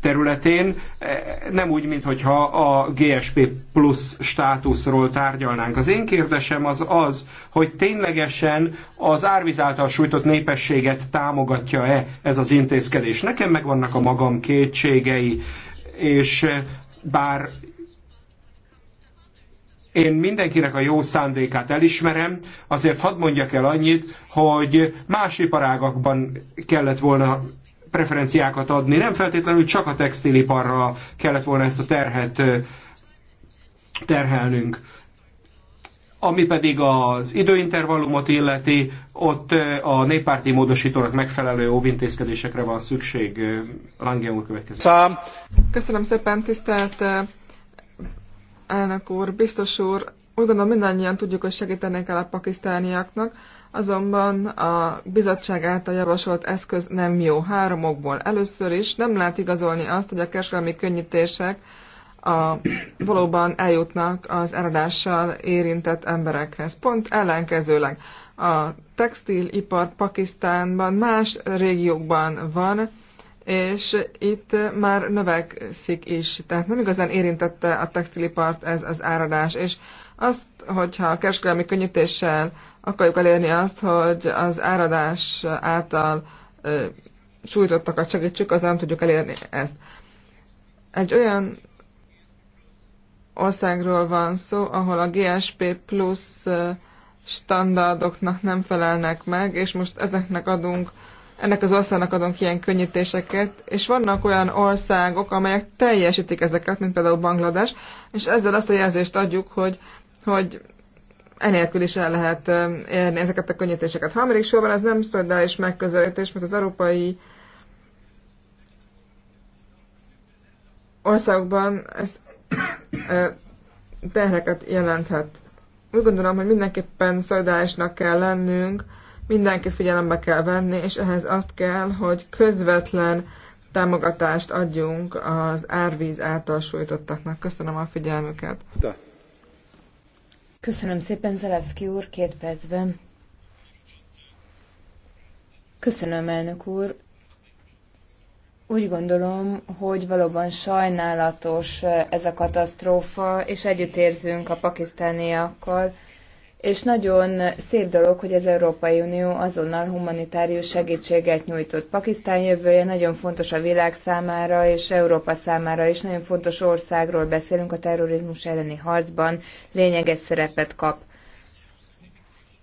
[SPEAKER 2] területén, e, nem úgy, mintha a GSP plusz státuszról tárgyalnánk. Az én kérdésem az az, hogy ténylegesen az árvíz által sújtott népességet támogatja-e ez az intézkedés. Nekem megvannak a magam kétségei, és e, bár én mindenkinek a jó szándékát elismerem, azért hadd mondjak el annyit, hogy más iparágakban kellett volna preferenciákat adni. Nem feltétlenül csak a textiliparra kellett volna ezt a terhet terhelnünk. Ami pedig az időintervallumot illeti, ott a néppárti módosítónak megfelelő óvintézkedésekre van szükség. Lange úr következik. Szám.
[SPEAKER 3] Köszönöm szépen, tisztelt elnök úr, biztos úr. Úgy gondolom mindannyian tudjuk, hogy segíteni kell a pakisztániaknak azonban a bizottság által javasolt eszköz nem jó három okból. Először is nem lehet igazolni azt, hogy a kereskedelmi könnyítések a, valóban eljutnak az eredással érintett emberekhez. Pont ellenkezőleg a textilipar Pakisztánban más régiókban van, és itt már növekszik is, tehát nem igazán érintette a textilipart ez az áradás, és azt, hogyha a kereskedelmi könnyítéssel akarjuk elérni azt, hogy az áradás által sújtottakat segítsük, az nem tudjuk elérni ezt. Egy olyan országról van szó, ahol a GSP plusz standardoknak nem felelnek meg, és most ezeknek adunk, ennek az országnak adunk ilyen könnyítéseket, és vannak olyan országok, amelyek teljesítik ezeket, mint például Banglades, és ezzel azt a jelzést adjuk, hogy, hogy enélkül is el lehet um, érni ezeket a könnyítéseket. Harmadik sorban ez nem szolidális megközelítés, mert az európai országokban ez terheket jelenthet. Úgy gondolom, hogy mindenképpen szolidárisnak kell lennünk, mindenkit figyelembe kell venni, és ehhez azt kell, hogy közvetlen támogatást adjunk az árvíz által sújtottaknak. Köszönöm a figyelmüket.
[SPEAKER 2] De.
[SPEAKER 1] Köszönöm szépen, Zelevszki úr, két percben. Köszönöm, elnök úr. Úgy gondolom, hogy valóban sajnálatos eh, ez a katasztrófa, és együttérzünk a pakisztániakkal, és nagyon szép dolog, hogy az Európai Unió azonnal humanitárius segítséget nyújtott. Pakisztán jövője nagyon fontos a világ számára és Európa számára is. Nagyon fontos országról beszélünk, a terrorizmus elleni harcban lényeges szerepet kap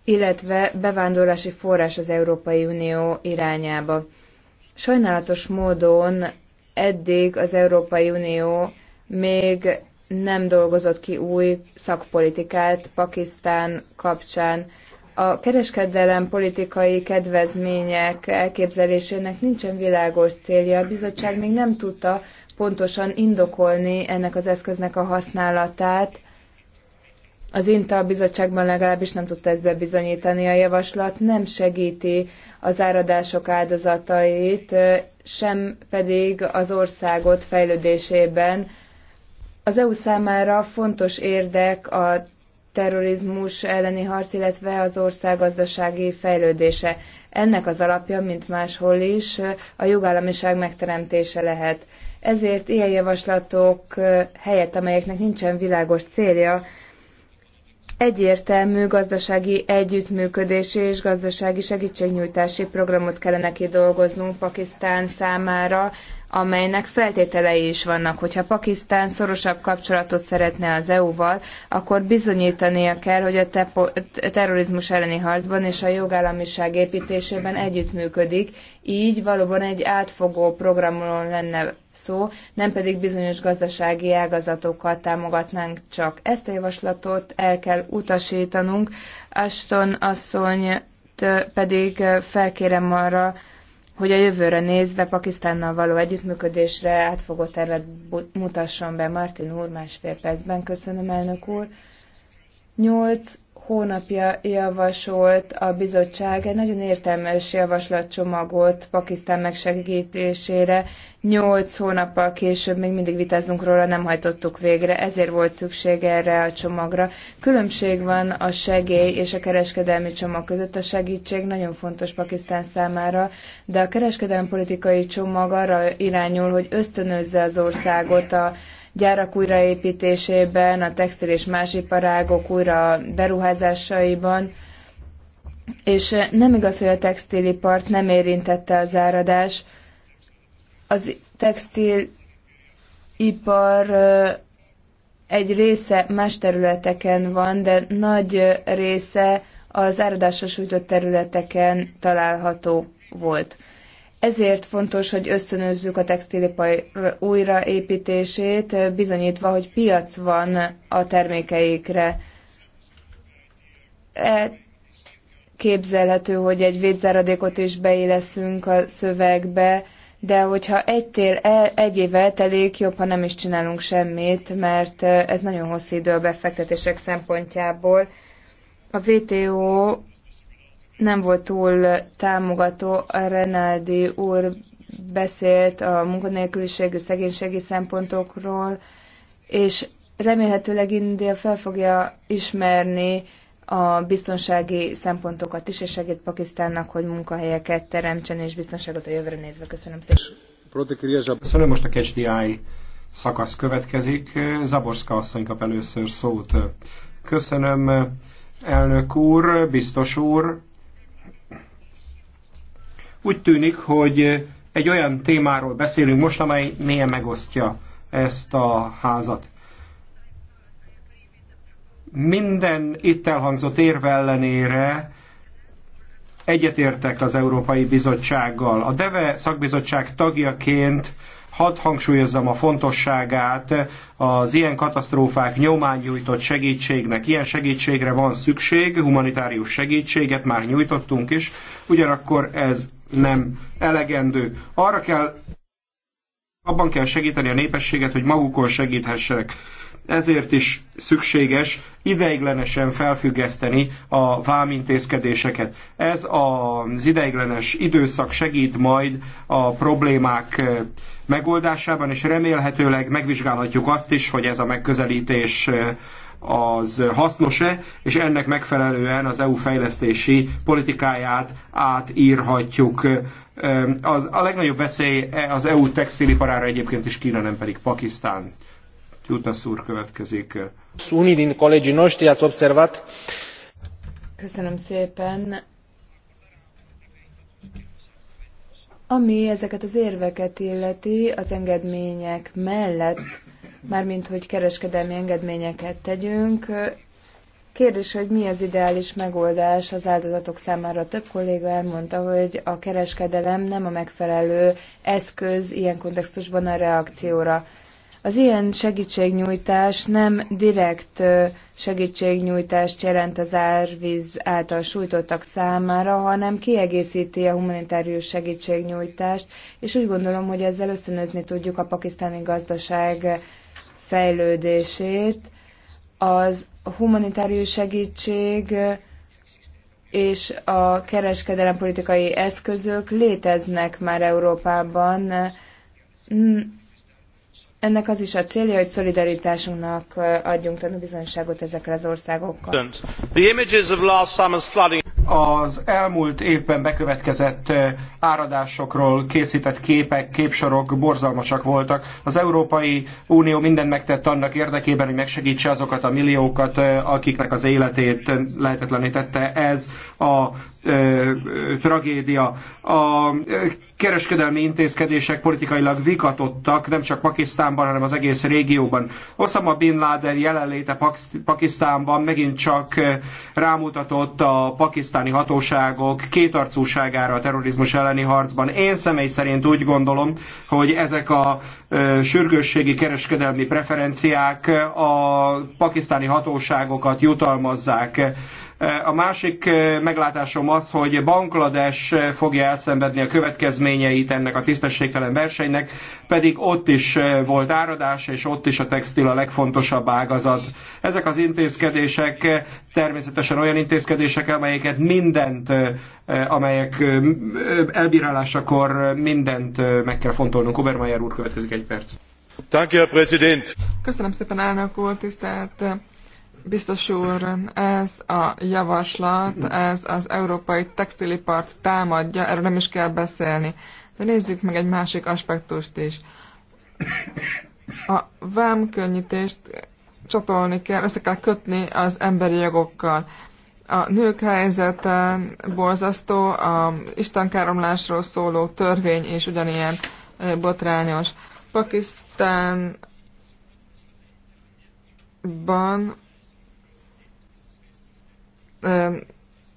[SPEAKER 1] illetve bevándorlási forrás az Európai Unió irányába. Sajnálatos módon eddig az Európai Unió még nem dolgozott ki új szakpolitikát Pakisztán kapcsán. A kereskedelem politikai kedvezmények elképzelésének nincsen világos célja. A bizottság még nem tudta pontosan indokolni ennek az eszköznek a használatát. Az INTA bizottságban legalábbis nem tudta ezt bebizonyítani. A javaslat nem segíti az áradások áldozatait, sem pedig az országot fejlődésében, az EU számára fontos érdek a terrorizmus elleni harc, illetve az ország gazdasági fejlődése. Ennek az alapja, mint máshol is, a jogállamiság megteremtése lehet. Ezért ilyen javaslatok helyett, amelyeknek nincsen világos célja, egyértelmű gazdasági együttműködési és gazdasági segítségnyújtási programot kellene kidolgoznunk Pakisztán számára, amelynek feltételei is vannak. Hogyha Pakisztán szorosabb kapcsolatot szeretne az EU-val, akkor bizonyítania kell, hogy a terrorizmus elleni harcban és a jogállamiság építésében együttműködik, így valóban egy átfogó programon lenne szó, nem pedig bizonyos gazdasági ágazatokat támogatnánk csak. Ezt a javaslatot el kell utasítanunk, Aston asszony pedig felkérem arra, hogy a jövőre nézve Pakisztánnal való együttműködésre átfogó terület mutasson be Martin úr másfél percben. Köszönöm, elnök úr. Nyolc hónapja javasolt a bizottság egy nagyon értelmes javaslatcsomagot Pakisztán megsegítésére. Nyolc hónappal később még mindig vitázunk róla, nem hajtottuk végre, ezért volt szükség erre a csomagra. Különbség van a segély és a kereskedelmi csomag között. A segítség nagyon fontos Pakisztán számára, de a kereskedelmi politikai csomag arra irányul, hogy ösztönözze az országot a gyárak újraépítésében, a textil és más iparágok újra beruházásaiban, és eh, nem igaz, hogy a textilipart nem érintette az áradás. Az textilipar eh, egy része más területeken van, de nagy eh, része az áradásra sújtott területeken található volt. Ezért fontos, hogy ösztönözzük a textilipar újraépítését, bizonyítva, hogy piac van a termékeikre. E képzelhető, hogy egy védzáradékot is beilleszünk a szövegbe, de hogyha egy tél el, egy év eltelik, jobb, ha nem is csinálunk semmit, mert ez nagyon hosszú idő a befektetések szempontjából. A VTO nem volt túl támogató. A Renaldi úr beszélt a munkanélküliségű szegénységi szempontokról, és remélhetőleg India fel fogja ismerni a biztonsági szempontokat is, és segít Pakisztánnak, hogy munkahelyeket teremtsen, és biztonságot a jövőre nézve. Köszönöm
[SPEAKER 2] szépen. Köszönöm, most a KHDI szakasz következik. Zaborska asszony kap először szót. Köszönöm, elnök úr, biztos úr, úgy tűnik, hogy eh, egy olyan témáról beszélünk most, amely néha megosztja ezt a házat. Minden itt elhangzott érve ellenére egyetértek az Európai Bizottsággal. A DEVE szakbizottság tagjaként hadd hangsúlyozzam a fontosságát az ilyen katasztrófák nyomán nyújtott segítségnek. Ilyen segítségre van szükség, humanitárius segítséget már nyújtottunk is, ugyanakkor ez nem elegendő. Arra kell, abban kell segíteni a népességet, hogy magukon segíthessenek. Ezért is szükséges ideiglenesen felfüggeszteni a vámintézkedéseket. Ez az ideiglenes időszak segít majd a problémák eh, megoldásában, és remélhetőleg megvizsgálhatjuk azt is, hogy ez a megközelítés eh, az hasznos-e, és ennek megfelelően az EU fejlesztési politikáját átírhatjuk. Az, a legnagyobb veszély e az EU textiliparára egyébként is Kína, nem pedig Pakisztán. Jutnas úr következik. Unii din noștri ați observat.
[SPEAKER 1] Köszönöm szépen. Ami ezeket az érveket illeti, az engedmények mellett mármint hogy kereskedelmi engedményeket tegyünk. Kérdés, hogy mi az ideális megoldás az áldozatok számára. Több kolléga elmondta, hogy a kereskedelem nem a megfelelő eszköz ilyen kontextusban a reakcióra. Az ilyen segítségnyújtás nem direkt segítségnyújtást jelent az árvíz által sújtottak számára, hanem kiegészíti a humanitárius segítségnyújtást, és úgy gondolom, hogy ezzel ösztönözni tudjuk a pakisztáni gazdaság fejlődését, az humanitárius segítség és a kereskedelempolitikai eszközök léteznek már Európában. Hmm, ennek az is a célja, hogy szolidaritásunknak adjunk tanúbizonyságot ezekre az országokkal
[SPEAKER 2] az elmúlt évben bekövetkezett áradásokról készített képek, képsorok borzalmasak voltak. Az Európai Unió mindent megtett annak érdekében, hogy megsegítse azokat a milliókat, akiknek az életét lehetetlenítette. tette ez a tragédia. A kereskedelmi intézkedések politikailag vikatottak, nem csak Pakisztánban, hanem az egész régióban. Osama Bin Laden jelenléte Pakisztánban megint csak rámutatott a pakisztáni hatóságok kétarcúságára a terrorizmus elleni harcban. Én személy szerint úgy gondolom, hogy ezek a sürgősségi kereskedelmi preferenciák a pakisztáni hatóságokat jutalmazzák. A másik eh, meglátásom az, hogy Banglades eh, fogja elszenvedni a következményeit ennek a tisztességtelen versenynek, pedig ott is eh, volt áradás, és ott is a textil a legfontosabb ágazat. Ezek az intézkedések természetesen olyan intézkedések, amelyeket mindent, amelyek elbírálásakor mindent meg kell fontolnunk. Obermeyer úr következik egy perc.
[SPEAKER 3] Köszönöm szépen, elnök úr, tisztelt Biztos úr, ez a javaslat, ez az európai textilipart támadja, erről nem is kell beszélni. De nézzük meg egy másik aspektust is. A vámkönnyítést csatolni kell, össze kell kötni az emberi jogokkal. A nők helyzete borzasztó, a istenkáromlásról szóló törvény és ugyanilyen botrányos. Pakisztánban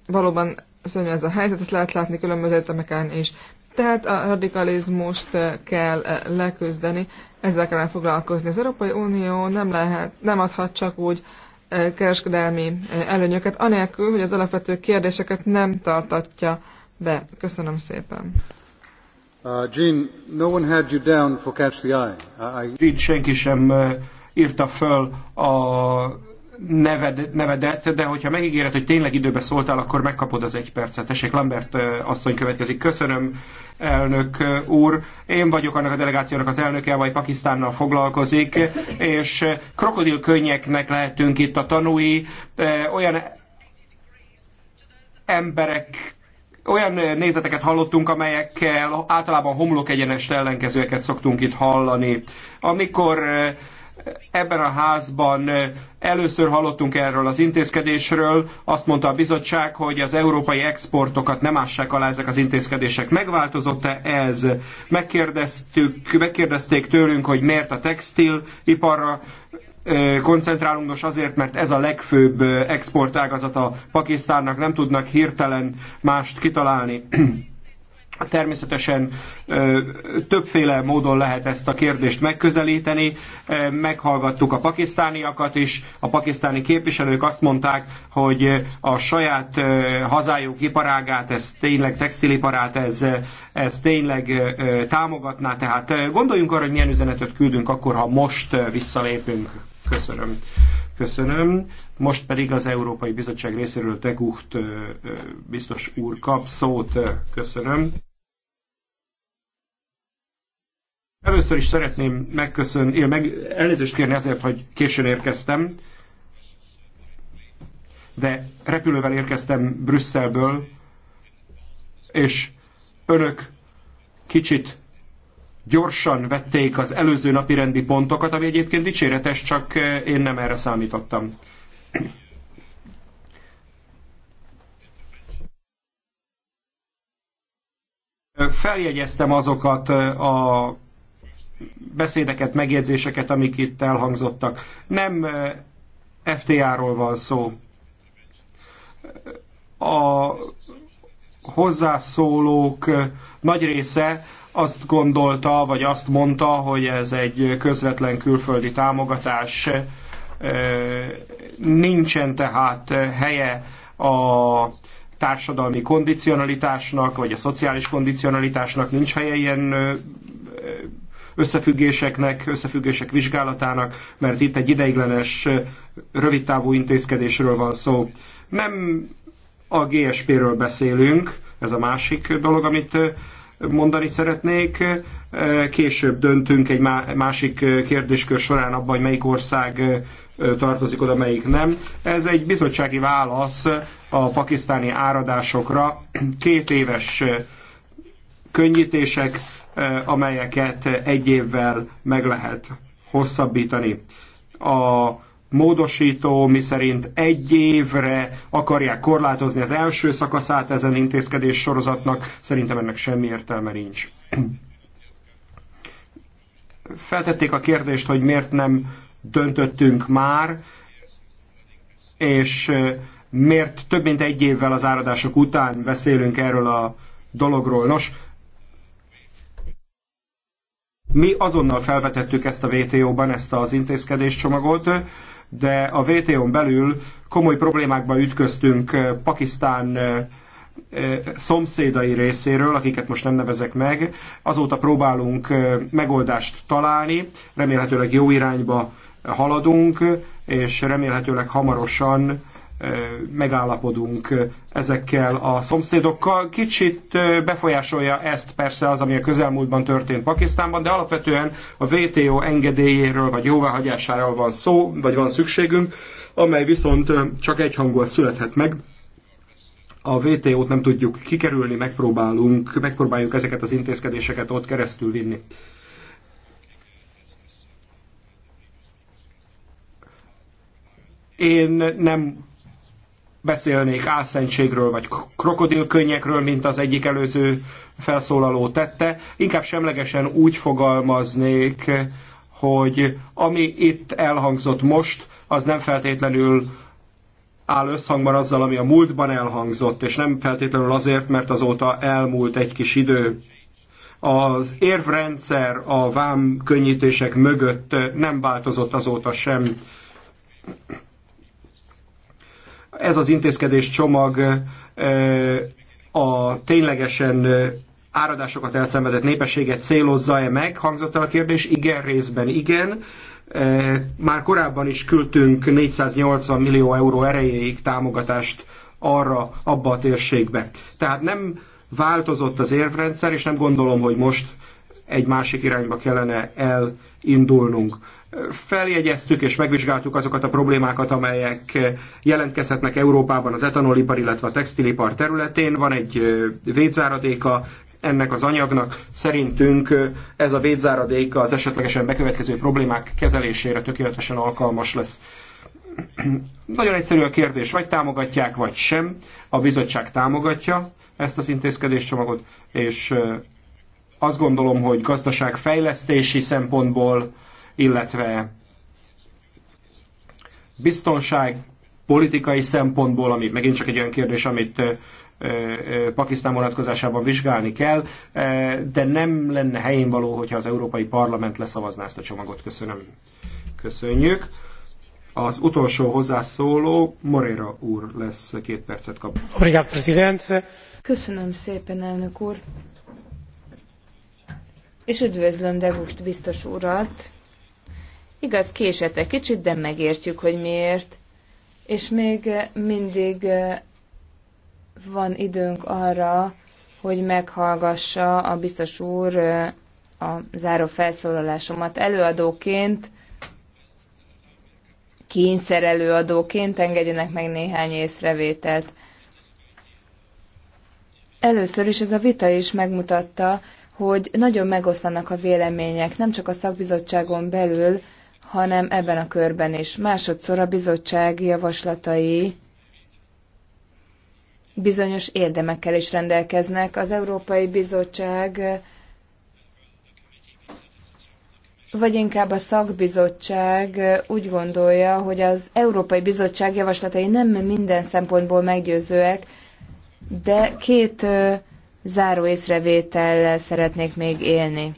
[SPEAKER 3] valóban szörnyű ez a helyzet, ezt lehet látni különböző egyetemeken is. Tehát a radikalizmust kell leküzdeni, ezzel kell foglalkozni. Az Európai Unió nem, lehet, nem adhat csak úgy kereskedelmi előnyöket, anélkül, hogy az alapvető kérdéseket nem tartatja be. Köszönöm szépen.
[SPEAKER 2] Uh, no one had you down for catch the eye. I... Jean, senki sem írta föl a neved, nevedet, de hogyha megígéred, hogy tényleg időbe szóltál, akkor megkapod az egy percet. Tessék, Lambert asszony következik. Köszönöm, elnök úr. Én vagyok annak a delegációnak az elnöke, vagy Pakisztánnal foglalkozik, és krokodilkönnyeknek lehetünk itt a tanúi. Olyan emberek olyan nézeteket hallottunk, amelyekkel általában homlok egyenest ellenkezőeket szoktunk itt hallani. Amikor ebben a házban először hallottunk erről az intézkedésről. Azt mondta a bizottság, hogy az európai exportokat nem ássák alá ezek az intézkedések. Megváltozott-e ez? Megkérdeztük, megkérdezték tőlünk, hogy miért a textiliparra koncentrálunk, nos azért, mert ez a legfőbb exportágazata Pakisztánnak, nem tudnak hirtelen mást kitalálni *clears throat* Természetesen többféle módon lehet ezt a kérdést megközelíteni. Meghallgattuk a pakisztániakat is. A pakisztáni képviselők azt mondták, hogy a saját hazájuk iparágát, ez tényleg textiliparát, ez, ez tényleg támogatná. Tehát gondoljunk arra, hogy milyen üzenetet küldünk akkor, ha most visszalépünk. Köszönöm. Köszönöm. Most pedig az Európai Bizottság részéről Tegucht biztos úr kap szót. Köszönöm. Először is szeretném megköszönni, meg, elnézést kérni azért, hogy későn érkeztem, de repülővel érkeztem Brüsszelből, és önök kicsit gyorsan vették az előző napi rendi pontokat, ami egyébként dicséretes, csak eh, én nem erre számítottam. Feljegyeztem azokat eh, a beszédeket, megjegyzéseket, amik itt elhangzottak. Nem eh, FTA-ról van szó. A hozzászólók nagy része azt gondolta, vagy azt mondta, hogy ez egy közvetlen külföldi támogatás, nincsen tehát helye a társadalmi kondicionalitásnak, vagy a szociális kondicionalitásnak, nincs helye ilyen összefüggéseknek, összefüggések vizsgálatának, mert itt egy ideiglenes, rövidtávú intézkedésről van szó. Nem a GSP-ről beszélünk, ez a másik dolog, amit mondani szeretnék. Később döntünk egy másik kérdéskör során abban, hogy melyik ország tartozik oda, melyik nem. Ez egy bizottsági válasz a pakisztáni áradásokra. Két éves könnyítések, amelyeket egy évvel meg lehet hosszabbítani. A módosító, szerint egy évre akarják korlátozni az első szakaszát ezen intézkedés sorozatnak, szerintem ennek semmi értelme nincs. Feltették a kérdést, hogy miért nem döntöttünk már, és miért több mint egy évvel az áradások után beszélünk erről a dologról. Nos, mi azonnal felvetettük ezt a vto ban ezt az csomagot, de a vto n belül komoly problémákba ütköztünk eh, Pakisztán eh, eh, szomszédai részéről, akiket most nem nevezek meg. Azóta próbálunk megoldást találni, remélhetőleg jó irányba haladunk, és remélhetőleg hamarosan megállapodunk ezekkel a szomszédokkal. Kicsit befolyásolja ezt persze az, ami a közelmúltban történt Pakisztánban, de alapvetően a WTO engedélyéről vagy jóváhagyásáról van szó, vagy van szükségünk, amely viszont csak egyhangúan születhet meg. A WTO-t nem tudjuk kikerülni, megpróbálunk, megpróbáljuk ezeket az intézkedéseket ott keresztül vinni. Én nem beszélnék álszentségről vagy krokodilkönnyekről, mint az egyik előző felszólaló tette. Inkább semlegesen úgy fogalmaznék, hogy ami itt elhangzott most, az nem feltétlenül áll összhangban azzal, ami a múltban elhangzott, és nem feltétlenül azért, mert azóta elmúlt egy kis idő. Az érvrendszer a vám könnyítések mögött nem változott azóta sem ez az intézkedés csomag a ténylegesen áradásokat elszenvedett népességet célozza-e meg? Hangzott el a kérdés, igen, részben igen. Már korábban is küldtünk 480 millió euró erejéig támogatást arra, abba a térségbe. Tehát nem változott az érvrendszer, és nem gondolom, hogy most egy másik irányba kellene elindulnunk. Feljegyeztük és megvizsgáltuk azokat a problémákat, amelyek jelentkezhetnek Európában az etanolipar, illetve a textilipar területén. Van egy védzáradéka ennek az anyagnak. Szerintünk ez a védzáradéka az esetlegesen bekövetkező problémák kezelésére tökéletesen alkalmas lesz. Nagyon egyszerű a kérdés, vagy támogatják, vagy sem. A bizottság támogatja ezt az intézkedéscsomagot, és azt gondolom, hogy gazdaságfejlesztési szempontból, illetve biztonság politikai szempontból, ami megint csak egy olyan kérdés, amit Pakisztán vonatkozásában vizsgálni kell, de nem lenne helyén való, hogyha az Európai Parlament leszavazná ezt a csomagot. Köszönöm. Köszönjük. Az utolsó hozzászóló Moreira úr lesz, két percet kap. Köszönöm
[SPEAKER 1] szépen, elnök úr és üdvözlöm Devust biztos urat. Igaz, késete egy kicsit, de megértjük, hogy miért. És még eh, mindig eh, van időnk arra, hogy meghallgassa a biztos úr eh, a záró felszólalásomat előadóként, kényszer előadóként engedjenek meg néhány észrevételt. Először is ez a vita is megmutatta, hogy nagyon megoszlanak a vélemények, nem csak a szakbizottságon belül, hanem ebben a körben is. Másodszor a bizottság javaslatai bizonyos érdemekkel is rendelkeznek. Az Európai Bizottság vagy inkább a szakbizottság úgy gondolja, hogy az Európai Bizottság javaslatai nem minden szempontból meggyőzőek, de két záró észrevétellel szeretnék még élni.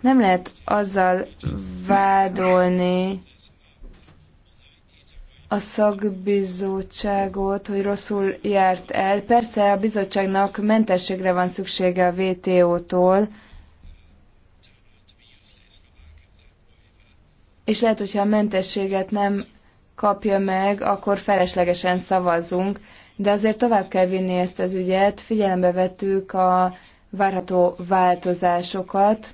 [SPEAKER 1] Nem lehet azzal vádolni a szakbizottságot, hogy rosszul járt el. Persze a bizottságnak mentességre van szüksége a VTO-tól, és lehet, hogyha a mentességet nem kapja meg, akkor feleslegesen szavazunk de azért tovább kell vinni ezt az ügyet. Figyelembe vettük a várható változásokat.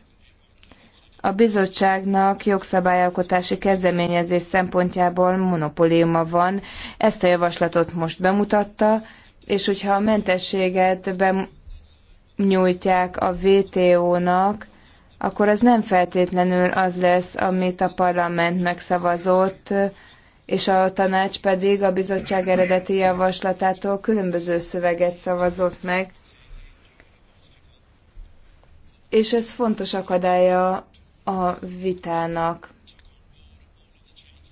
[SPEAKER 1] A bizottságnak jogszabályalkotási kezdeményezés szempontjából monopóliuma van. Ezt a javaslatot most bemutatta, és hogyha a mentességet nyújtják a VTO-nak, akkor ez nem feltétlenül az lesz, amit a parlament megszavazott, és a tanács pedig a bizottság eredeti javaslatától különböző szöveget szavazott meg, és ez fontos akadálya a vitának.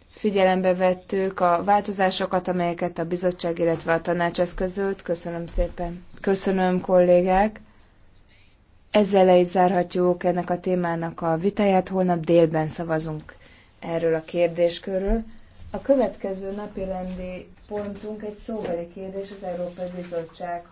[SPEAKER 1] Figyelembe vettük a változásokat, amelyeket a bizottság, illetve a tanács eszközölt. Köszönöm szépen. Köszönöm, kollégák. Ezzel le is zárhatjuk ennek a témának a vitáját. Holnap délben szavazunk erről a kérdéskörről. A következő napi rendi pontunk egy szóbeli kérdés az Európai Bizottság